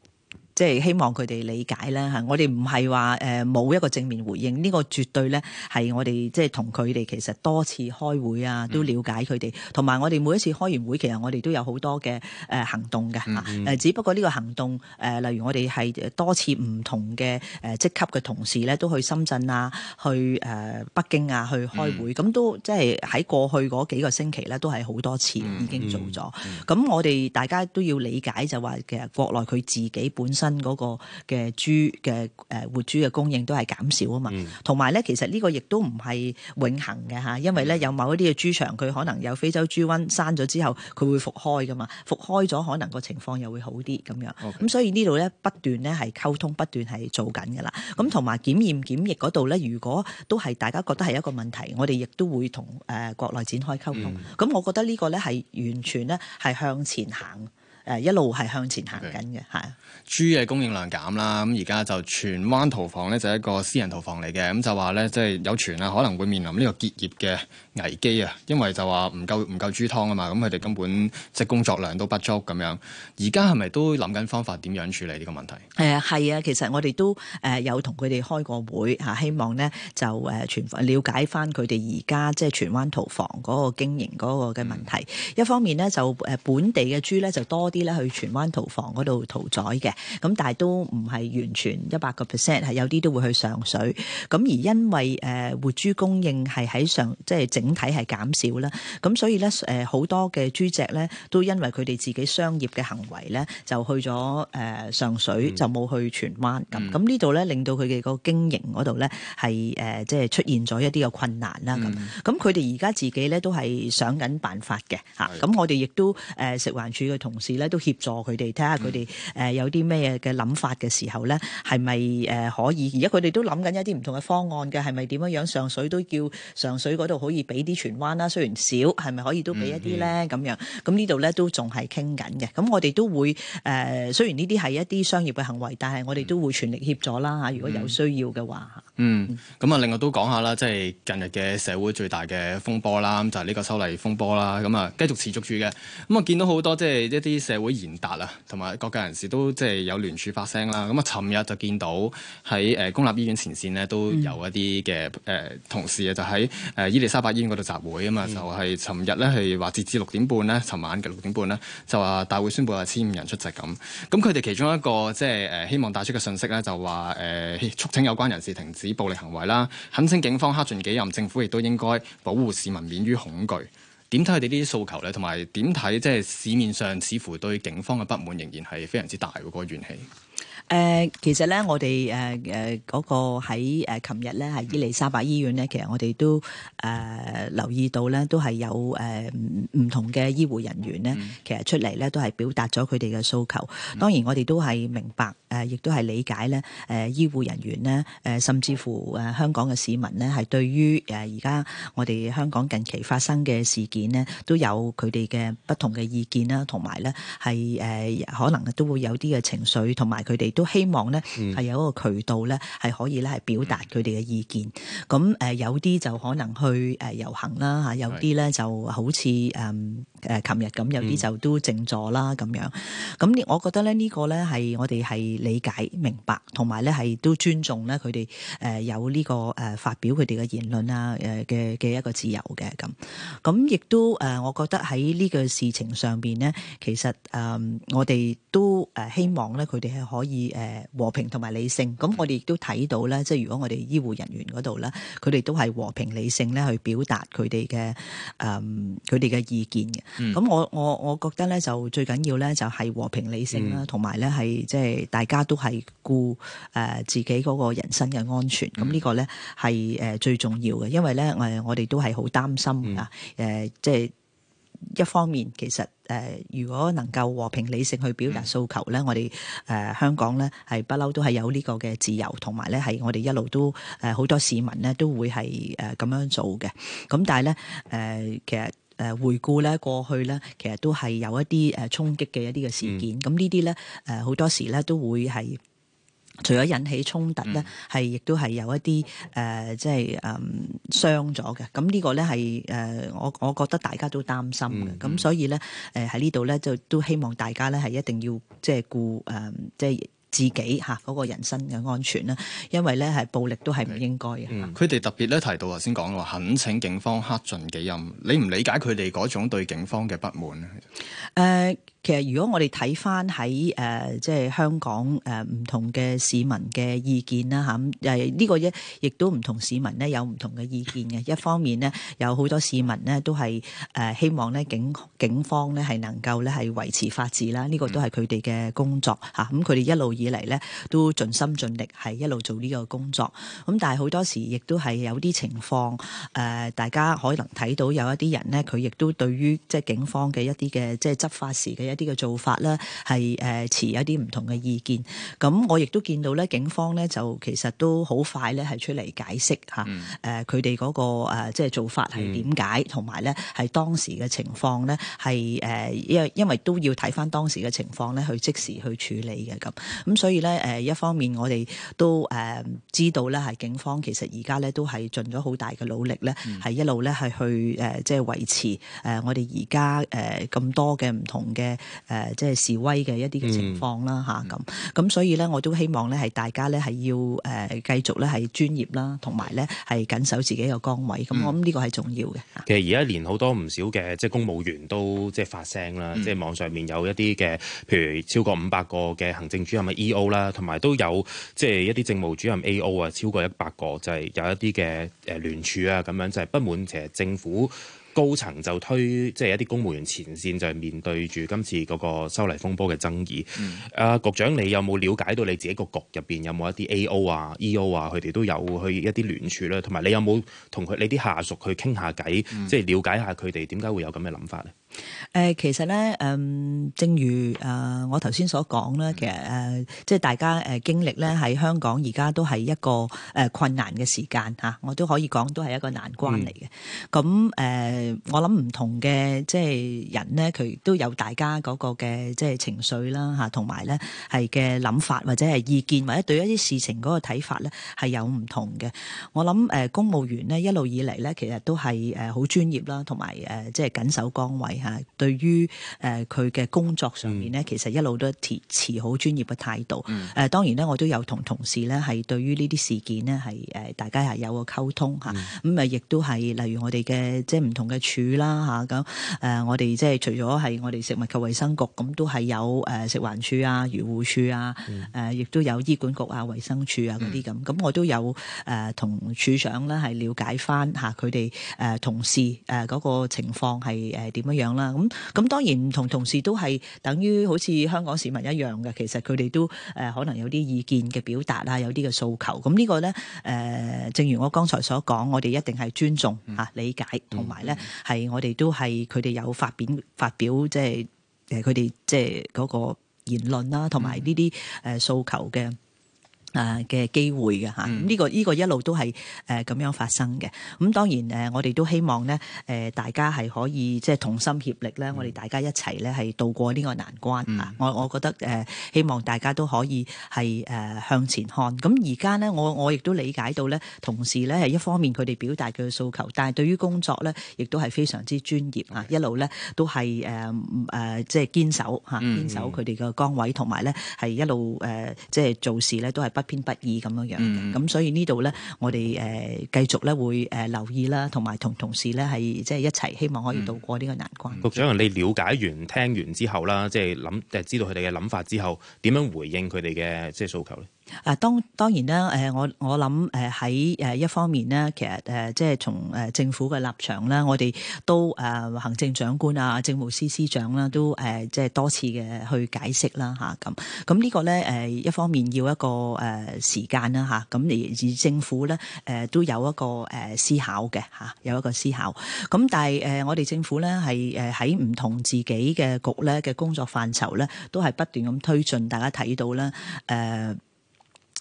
即係希望佢哋理解啦，吓，我哋唔係話誒冇一個正面回應呢、呢個絕對咧係我哋即係同佢哋其實多次開會啊，都了解佢哋，同、嗯、埋我哋每一次開完會，其實我哋都有好多嘅誒行動嘅吓，誒只不過呢個行動誒例如我哋係多次唔同嘅誒職級嘅同事咧，都去深圳啊，去誒北京啊，去開會，咁、嗯、都即係喺過去幾個星期咧，都係好多次已經做咗，咁、嗯嗯、我哋大家都要理解就話其實國內佢自己本身。新、那、嘅、個、豬嘅誒活豬嘅供應都係減少啊嘛，同埋咧其實呢個亦都唔係永恆嘅嚇，因為咧有某一啲嘅豬場佢可能有非洲豬瘟刪咗之後，佢會復開噶嘛，復開咗可能個情況又會好啲咁樣。咁、okay. 所以呢度咧不斷咧係溝通，不斷係做緊噶啦。咁同埋檢驗檢疫嗰度咧，如果都係大家覺得係一個問題，我哋亦都會同誒國內展開溝通。咁、嗯、我覺得呢個咧係完全咧係向前行。誒一路係向前行緊嘅，係、okay. 豬嘅供應量減啦，咁而家就荃灣屠房咧就係一個私人屠房嚟嘅，咁就話咧即係有傳啊可能會面臨呢個結業嘅危機啊，因為就話唔夠唔夠豬湯啊嘛，咁佢哋根本即係、就是、工作量都不足咁樣。而家係咪都諗緊方法點樣處理呢個問題？誒、呃、係啊，其實我哋都誒有同佢哋開過會吓，希望咧就誒荃、就是、房了解翻佢哋而家即係荃灣屠房嗰個經營嗰個嘅問題、嗯。一方面咧就誒本地嘅豬咧就多。啲咧去荃灣屠房嗰度屠宰嘅，咁但係都唔係完全一百個 percent，係有啲都會去上水，咁而因為誒活豬供應係喺上，即係整體係減少啦，咁所以咧誒好多嘅豬隻咧都因為佢哋自己商業嘅行為咧就去咗誒上水，就冇去荃灣咁，咁呢度咧令到佢哋個經營嗰度咧係誒即係出現咗一啲嘅困難啦咁，咁佢哋而家自己咧都係想緊辦法嘅嚇，咁我哋亦都誒食環署嘅同事咧。都度協助佢哋，睇下佢哋誒有啲咩嘅諗法嘅時候咧，係咪誒可以？而家佢哋都諗緊一啲唔同嘅方案嘅，係咪點樣樣上水都叫上水嗰度可以俾啲荃灣啦？雖然少，係咪可以都俾一啲咧？咁、嗯嗯、樣咁呢度咧都仲係傾緊嘅。咁我哋都會誒、呃，雖然呢啲係一啲商業嘅行為，但係我哋都會全力協助啦嚇、嗯。如果有需要嘅話，嗯，咁、嗯、啊，嗯、另外都講下啦，即、就、係、是、近日嘅社會最大嘅風波啦，就係、是、呢個修例風波啦。咁啊，繼續持續住嘅。咁啊，見到好多即係一啲社會賢達啊，同埋各界人士都即係有聯署發聲啦。咁啊，尋日就見到喺公立醫院前線呢，都有一啲嘅同事啊，就喺伊利沙伯醫院嗰度集會啊嘛，就係尋日咧係話截至六點半咧，尋晚嘅六點半咧，就話大會宣布係千五人出席咁。咁佢哋其中一個即係希望帶出嘅訊息咧，就話促請有關人士停止暴力行為啦，懇請警方恪盡己任，政府亦都應該保護市民免於恐懼。點睇佢哋呢啲訴求咧，同埋點睇即係市面上似乎對警方嘅不滿仍然係非常之大嗰個怨氣。誒、呃，其實咧，我哋誒誒嗰個喺誒琴日咧係伊利沙伯醫院咧，其實我哋都誒、呃、留意到咧，都係有誒唔、呃、同嘅醫護人員咧、嗯，其實出嚟咧都係表達咗佢哋嘅訴求。當然，我哋都係明白。誒，亦都係理解咧，誒，醫護人員咧，誒，甚至乎誒，香港嘅市民咧，係對於誒而家我哋香港近期發生嘅事件咧，都有佢哋嘅不同嘅意見啦，同埋咧，係誒，可能都會有啲嘅情緒，同埋佢哋都希望咧，係有一個渠道咧，係可以咧係表達佢哋嘅意見。咁、嗯、誒，有啲就可能去誒遊行啦，嚇，有啲咧就好似誒。嗯誒，琴日咁有啲就都靜坐啦，咁樣。咁我覺得咧，呢個咧係我哋係理解、明白，同埋咧係都尊重咧佢哋誒有呢個誒發表佢哋嘅言論啊誒嘅嘅一個自由嘅咁。咁亦都誒，我覺得喺呢個事情上邊咧，其實誒我哋都誒希望咧佢哋係可以誒和平同埋理性。咁我哋亦都睇到咧，即係如果我哋醫護人員嗰度咧，佢哋都係和平理性咧去表達佢哋嘅誒佢哋嘅意見嘅。咁、嗯、我我我覺得咧就最緊要咧就係、是、和平理性啦，同埋咧係即係大家都係顧誒自己嗰個人身嘅安全。咁、嗯、呢個咧係誒最重要嘅，因為咧誒我哋都係好擔心啊。誒即係一方面，其實誒、呃、如果能夠和平理性去表達訴求咧、嗯，我哋誒、呃、香港咧係不嬲都係有呢個嘅自由，同埋咧係我哋一路都誒好、呃、多市民咧都會係誒咁樣做嘅。咁但係咧誒其實。誒回顧咧過去咧，其實都係有一啲誒衝擊嘅一啲嘅事件。咁呢啲咧誒好多時咧都會係除咗引起衝突咧，係亦都係有一啲誒即係誒傷咗嘅。咁、這、呢個咧係誒我我覺得大家都擔心嘅。咁、嗯、所以咧誒喺呢度咧就都希望大家咧係一定要即係顧誒即係。呃即係自己嚇嗰個人身嘅安全啦，因為咧係暴力都係唔應該嘅。佢、okay. 哋、嗯、 特別咧提到頭先講嘅話，懇請警方克盡己任。你唔理解佢哋嗰種對警方嘅不滿咧？誒、呃。其實，如果我哋睇翻喺誒，即係香港誒唔、呃、同嘅市民嘅意見啦，嚇咁呢個一亦都唔同市民咧有唔同嘅意見嘅。一方面咧，有好多市民咧都係誒、呃、希望咧警警方咧係能夠咧係維持法治啦，呢、呢個都係佢哋嘅工作嚇。咁佢哋一路以嚟咧都盡心盡力係一路做呢個工作。咁但係好多時亦都係有啲情況誒、呃，大家可能睇到有一啲人咧，佢亦都對於即係警方嘅一啲嘅即係執法時嘅，一啲嘅做法咧，係、呃、誒持一啲唔同嘅意見，咁我亦都見到咧，警方咧就其實都好快咧，係出嚟解釋吓誒佢哋嗰個、呃、即係做法係點解，同埋咧係當時嘅情況咧係誒因為因為都要睇翻當時嘅情況咧，去即時去處理嘅咁。咁所以咧，誒、呃、一方面我哋都誒、呃、知道咧，係警方其實而家咧都係盡咗好大嘅努力咧，係、嗯、一路咧係去誒、呃、即係維持誒我哋而家誒咁多嘅唔同嘅。誒、呃，即係示威嘅一啲嘅情況啦，嚇、嗯、咁。咁、啊、所以咧，我都希望咧係大家咧係要誒繼、呃、續咧係專業啦，同埋咧係緊守自己個崗位。咁、嗯、我諗呢個係重要嘅。其實而家連好多唔少嘅即係公務員都即係發聲啦、嗯，即係網上面有一啲嘅，譬如超過五百個嘅行政主任嘅 E.O. 啦，同埋都有即係一啲政務主任 A.O. 啊，超過一百個就係、是、有一啲嘅誒聯署啊，咁樣就係、是、不滿其實政府。高層就推即係、就是、一啲公務員前線就係面對住今次嗰個修例風波嘅爭議。阿、嗯啊、局長，你有冇了解到你自己個局入邊有冇一啲 A.O. 啊、E.O. 啊，佢哋都有去一啲聯署咧，同埋你有冇同佢你啲下屬去傾下偈，即、嗯、係、就是、了解一下佢哋點解會有咁嘅諗法咧？誒、呃，其實咧、嗯，正如誒、呃、我頭先所講啦，其實誒、呃，即係大家誒、呃、經歷咧，喺香港而家都係一個誒、呃、困難嘅時間吓、啊，我都可以講都係一個難關嚟嘅。咁、嗯、誒、呃，我諗唔同嘅即係人咧，佢都有大家嗰個嘅即係情緒啦吓，同埋咧係嘅諗法或者係意見或者對一啲事情嗰個睇法咧係有唔同嘅。我諗誒、呃、公務員咧一路以嚟咧，其實都係誒好專業啦，同埋誒即係緊守崗位。對於誒佢嘅工作上面咧，其實一路都持好專業嘅態度。誒、嗯、當然咧，我都有同同事咧係對於呢啲事件呢，係誒大家係有個溝通吓，咁啊亦都係例如我哋嘅即係唔同嘅署啦吓，咁、啊、誒我哋即係除咗係我哋食物及衛生局咁，都係有誒食環署啊、漁護署啊、誒亦都有醫管局啊、衛生署啊啲咁。咁、嗯、我都有誒同署長咧係了解翻吓佢哋誒同事誒嗰個情況係誒點樣樣。啦，咁咁當然唔同同事都係等於好似香港市民一樣嘅，其實佢哋都誒、呃、可能有啲意見嘅表達啊，有啲嘅訴求。咁、嗯這個、呢個咧誒，正如我剛才所講，我哋一定係尊重嚇、啊、理解，同埋咧係我哋都係佢哋有發表發表即係誒佢哋即係嗰個言論啦，同埋呢啲誒訴求嘅。誒、啊、嘅機會嘅嚇，呢、啊嗯這個呢、這個一路都係誒咁樣發生嘅。咁、嗯、當然誒、呃，我哋都希望咧誒、呃，大家係可以即係、就是、同心協力咧、嗯，我哋大家一齊咧係度過呢個難關啊、嗯！我我覺得誒、呃，希望大家都可以係誒、呃、向前看。咁而家咧，我我亦都理解到咧，同時咧係一方面佢哋表達佢嘅訴求，但係對於工作咧，亦都係非常之專業、嗯呃呃就是、啊！嗯、呢一路咧都係誒誒，即係堅守嚇，堅守佢哋嘅崗位，同埋咧係一路誒，即係做事咧都係不。偏不義咁樣樣，咁、嗯、所以呢度咧，我哋誒繼續咧會誒留意啦，同埋同同事咧係即係一齊，希望可以渡過呢個難關。嗯嗯、局長你了解完、聽完之後啦，即係諗誒知道佢哋嘅諗法之後，點樣回應佢哋嘅即係訴求咧？啊，當當然啦，誒，我我諗誒喺誒一方面咧，其實誒即係從誒政府嘅立場咧，我哋都誒行政長官啊、政務司司長啦，都誒即係多次嘅去解釋啦，吓咁。咁呢個咧，誒一方面要一個誒時間啦，吓咁而政府咧，誒都有一個誒思考嘅吓，有一個思考。咁但係誒我哋政府咧係誒喺唔同自己嘅局咧嘅工作範疇咧，都係不斷咁推進。大家睇到啦。誒。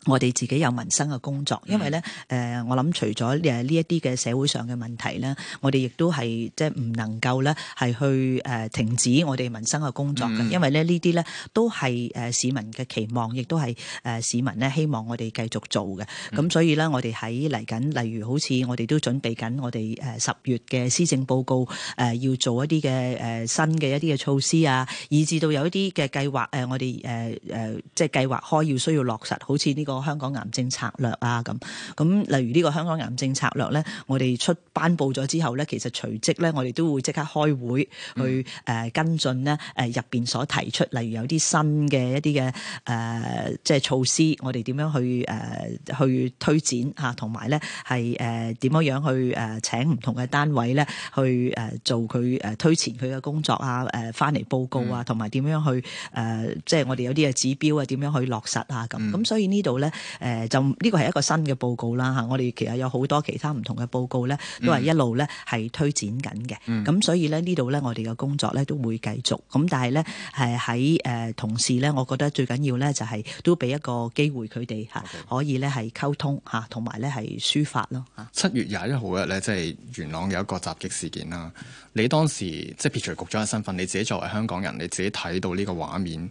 我哋自己有民生嘅工作，因為咧，誒、呃、我諗除咗誒呢一啲嘅社會上嘅問題咧，我哋亦都係即係唔能夠咧係去誒停止我哋民生嘅工作嘅，因為咧呢啲咧都係誒市民嘅期望，亦都係誒市民咧希望我哋繼續做嘅。咁所以咧，我哋喺嚟緊，例如好似我哋都準備緊，我哋誒十月嘅施政報告誒、呃、要做一啲嘅誒新嘅一啲嘅措施啊，以至到有一啲嘅計劃誒我哋誒誒即係計劃開要需要落實好似呢、這個。香港癌症策略啊，咁咁例如呢個香港癌症策略咧，我哋出頒布咗之後咧，其實隨即咧，我哋都會即刻開會去誒跟進咧，誒入邊所提出，例如有啲新嘅一啲嘅誒即係措施，我哋點樣去誒、呃、去推展吓同埋咧係誒點樣樣去誒請唔同嘅單位咧去誒做佢誒推前佢嘅工作啊，誒翻嚟報告啊，同埋點樣去誒、呃、即係我哋有啲嘅指標啊，點樣去落實啊咁，咁所以呢度咧。咧，就呢個係一個新嘅報告啦嚇，我哋其實有好多其他唔同嘅報告咧，都係一路咧係推展緊嘅。咁、嗯嗯、所以咧呢度咧，我哋嘅工作咧都會繼續。咁但係咧，誒喺誒同事咧，我覺得最緊要咧就係都俾一個機會佢哋嚇，可以咧係溝通嚇，同埋咧係抒發咯嚇。okay. 七月廿一號日咧，即係元朗有一個襲擊事件啦。你當時即係撇除局長嘅身份，你自己作為香港人，你自己睇到呢個畫面。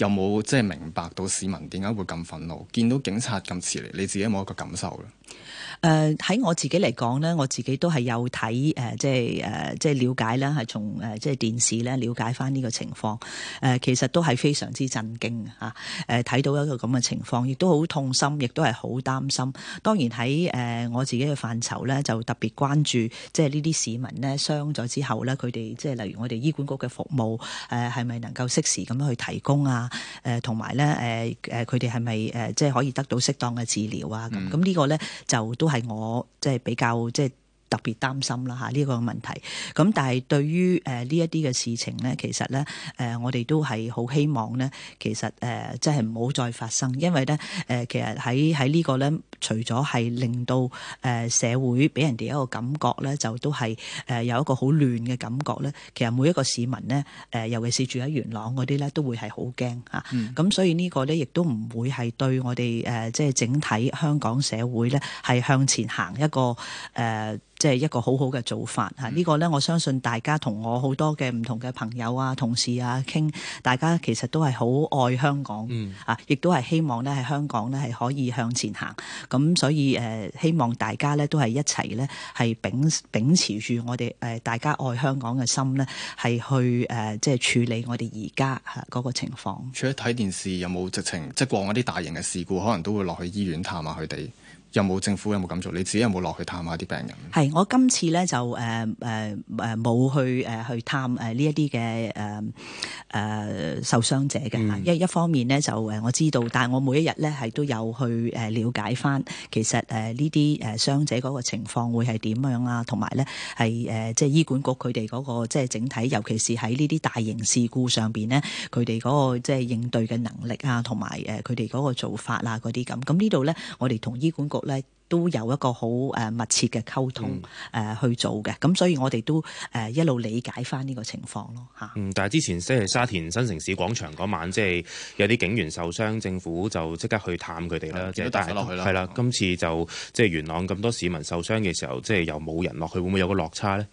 又有冇即係明白到市民點解會咁憤怒？見到警察咁遲嚟，你自己有冇一個感受呢？誒、呃、喺我自己嚟講咧，我自己都係有睇誒、呃，即係誒、呃，即係了解啦，係從誒即係電視咧了解翻呢個情況。誒、呃、其實都係非常之震驚嚇，誒、啊、睇、呃、到一個咁嘅情況，亦都好痛心，亦都係好擔心。當然喺誒、呃、我自己嘅範疇咧，就特別關注即係呢啲市民咧傷咗之後咧，佢哋即係例如我哋醫管局嘅服務誒係咪能夠適時咁樣去提供啊？誒同埋咧誒誒佢哋係咪誒即係可以得到適當嘅治療啊？咁咁、嗯、呢個咧就都，係我即係、即係、比較即係。即係特別擔心啦嚇呢個問題，咁但係對於誒呢一啲嘅事情咧，其實咧誒我哋都係好希望咧，其實誒即係唔好再發生，因為咧誒其實喺喺呢個咧，除咗係令到誒社會俾人哋一個感覺咧，就都係誒有一個好亂嘅感覺咧。其實每一個市民咧，誒尤其是住喺元朗嗰啲咧，都會係好驚嚇。咁、嗯、所以呢個咧，亦都唔會係對我哋誒即係整體香港社會咧，係向前行一個誒。呃即係一個好好嘅做法嚇，呢、嗯，呢個咧我相信大家我同我好多嘅唔同嘅朋友啊、同事啊傾，大家其實都係好愛香港、嗯，啊，亦都係希望咧喺香港咧係可以向前行。咁所以、呃、希望大家咧都係一齊咧係秉持秉持住我哋、呃、大家愛香港嘅心咧，係去、呃、即係處理我哋而家嗰個情況。除咗睇電視，有冇直情即係過往一啲大型嘅事故，可能都會落去醫院探下佢哋？有冇政府有冇咁做？你自己有冇落去探下啲病人？係，我今次咧就誒誒誒冇去誒去探誒呢一啲嘅誒誒受傷者嘅嚇。一、嗯、一方面咧就誒我知道，但係我每一日咧係都有去誒了解翻，其實誒呢啲誒傷者嗰個情況會係點樣啊？同埋咧係誒即係醫管局佢哋嗰個即係整體，尤其是喺呢啲大型事故上邊咧，佢哋嗰個即係、就是、應對嘅能力啊，同埋誒佢哋嗰個做法啊嗰啲咁。咁呢度咧，我哋同醫管局。咧都有一個好誒密切嘅溝通誒去做嘅，咁所以我哋都誒一路理解翻呢個情況咯嚇。嗯，但係之前即係沙田新城市廣場嗰晚，即係有啲警員受傷，政府就即刻去探佢哋啦，即係帶人落去啦。係啦，今次就即係元朗咁多市民受傷嘅時候，即係又冇人落去，會唔會有個落差咧？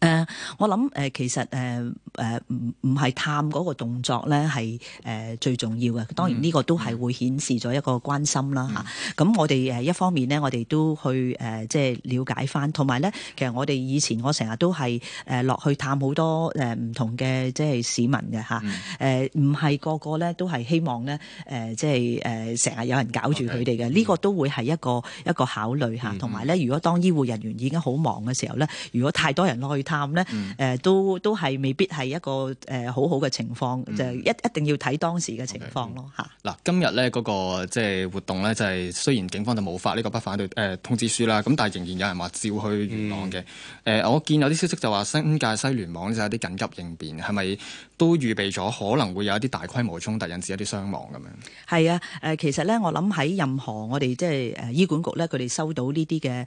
誒、呃，我諗誒、呃，其實誒誒，唔唔係探嗰個動作咧，係誒最重要嘅。當然呢個都係會顯示咗一個關心啦吓。咁、嗯啊、我哋誒一方面咧，我哋都去誒即係了解翻，同埋咧，其實我哋以前我成日都係誒落去探好多誒唔同嘅即係市民嘅吓。誒唔係個個咧都係希望咧誒即係誒成日有人搞住佢哋嘅。呢、這個都會係一個一個考慮吓。同埋咧，如果當醫護人員已經好忙嘅時候咧，如果太多人落去。探、嗯、咧，誒都都係未必係一個誒好好嘅情況，嗯、就係一一定要睇當時嘅情況咯嚇。嗱、嗯嗯，今日咧嗰個即係活動咧、就是，就係雖然警方就冇發呢個不反對誒、呃、通知書啦，咁但係仍然有人話照去元朗嘅。誒、嗯呃，我見有啲消息就話新界西聯網就有啲緊急應變，係咪？都預備咗可能會有一啲大規模嘅衝突，引致一啲傷亡咁樣。係啊，誒、呃、其實咧，我諗喺任何我哋即係誒醫管局咧，佢哋收到呢啲嘅誒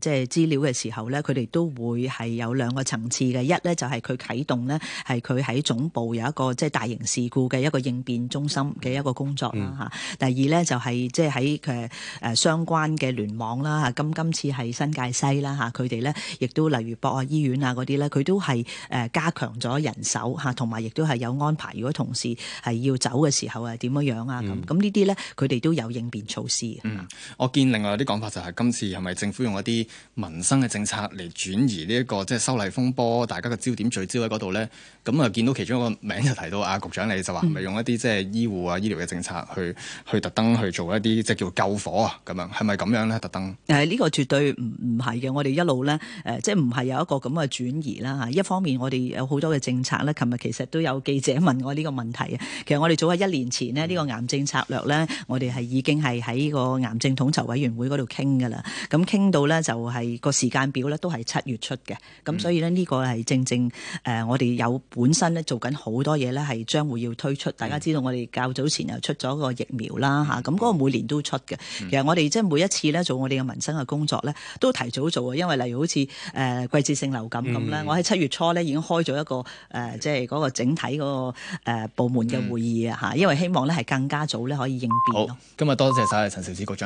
即係資料嘅時候咧，佢哋都會係有兩個層次嘅。一咧就係、是、佢啟動咧，係佢喺總部有一個即係大型事故嘅一個應變中心嘅一個工作啦嚇。嗯、第二咧就係、是、即係喺誒誒相關嘅聯網啦嚇。今今次係新界西啦嚇，佢哋咧亦都例如博愛醫院啊嗰啲咧，佢都係誒加強咗人手嚇同埋。亦都係有安排，如果同事係要走嘅時候啊，點樣樣啊咁咁呢啲咧，佢哋都有應變措施。嗯，我見另外有啲講法就係、是、今次係咪政府用一啲民生嘅政策嚟轉移呢、這、一個即係修例風波，大家嘅焦點聚焦喺嗰度咧？咁、嗯、啊，見到其中一個名就提到啊，局長你就話係咪用一啲、嗯、即係醫護啊、醫療嘅政策去去特登去做一啲即係叫救火啊咁樣，係咪咁樣咧？特登誒，呢、啊這個絕對唔唔係嘅，我哋一路咧誒、呃，即係唔係有一個咁嘅轉移啦嚇、啊。一方面我哋有好多嘅政策咧，琴日其實。都有記者問我呢個問題啊！其實我哋早喺一年前呢呢、呢個癌症策略呢，我哋係已經係喺個癌症統籌委員會嗰度傾㗎啦。咁傾到呢、就係，就係個時間表呢，都係七月出嘅。咁所以呢，呢個係正正、呃、我哋有本身呢，做緊好多嘢呢，係將會要推出。大家知道我哋較早前又出咗個疫苗啦吓。咁嗰個每年都出嘅。其實我哋即係每一次呢，做我哋嘅民生嘅工作呢，都提早做啊。因為例如好似誒季節性流感咁咧、嗯，我喺七月初呢已經開咗一個即係嗰個。整體個誒部門嘅會議啊吓、嗯，因為希望咧，係更加早咧可以應變咯。好，今日多謝晒陳肇始局長。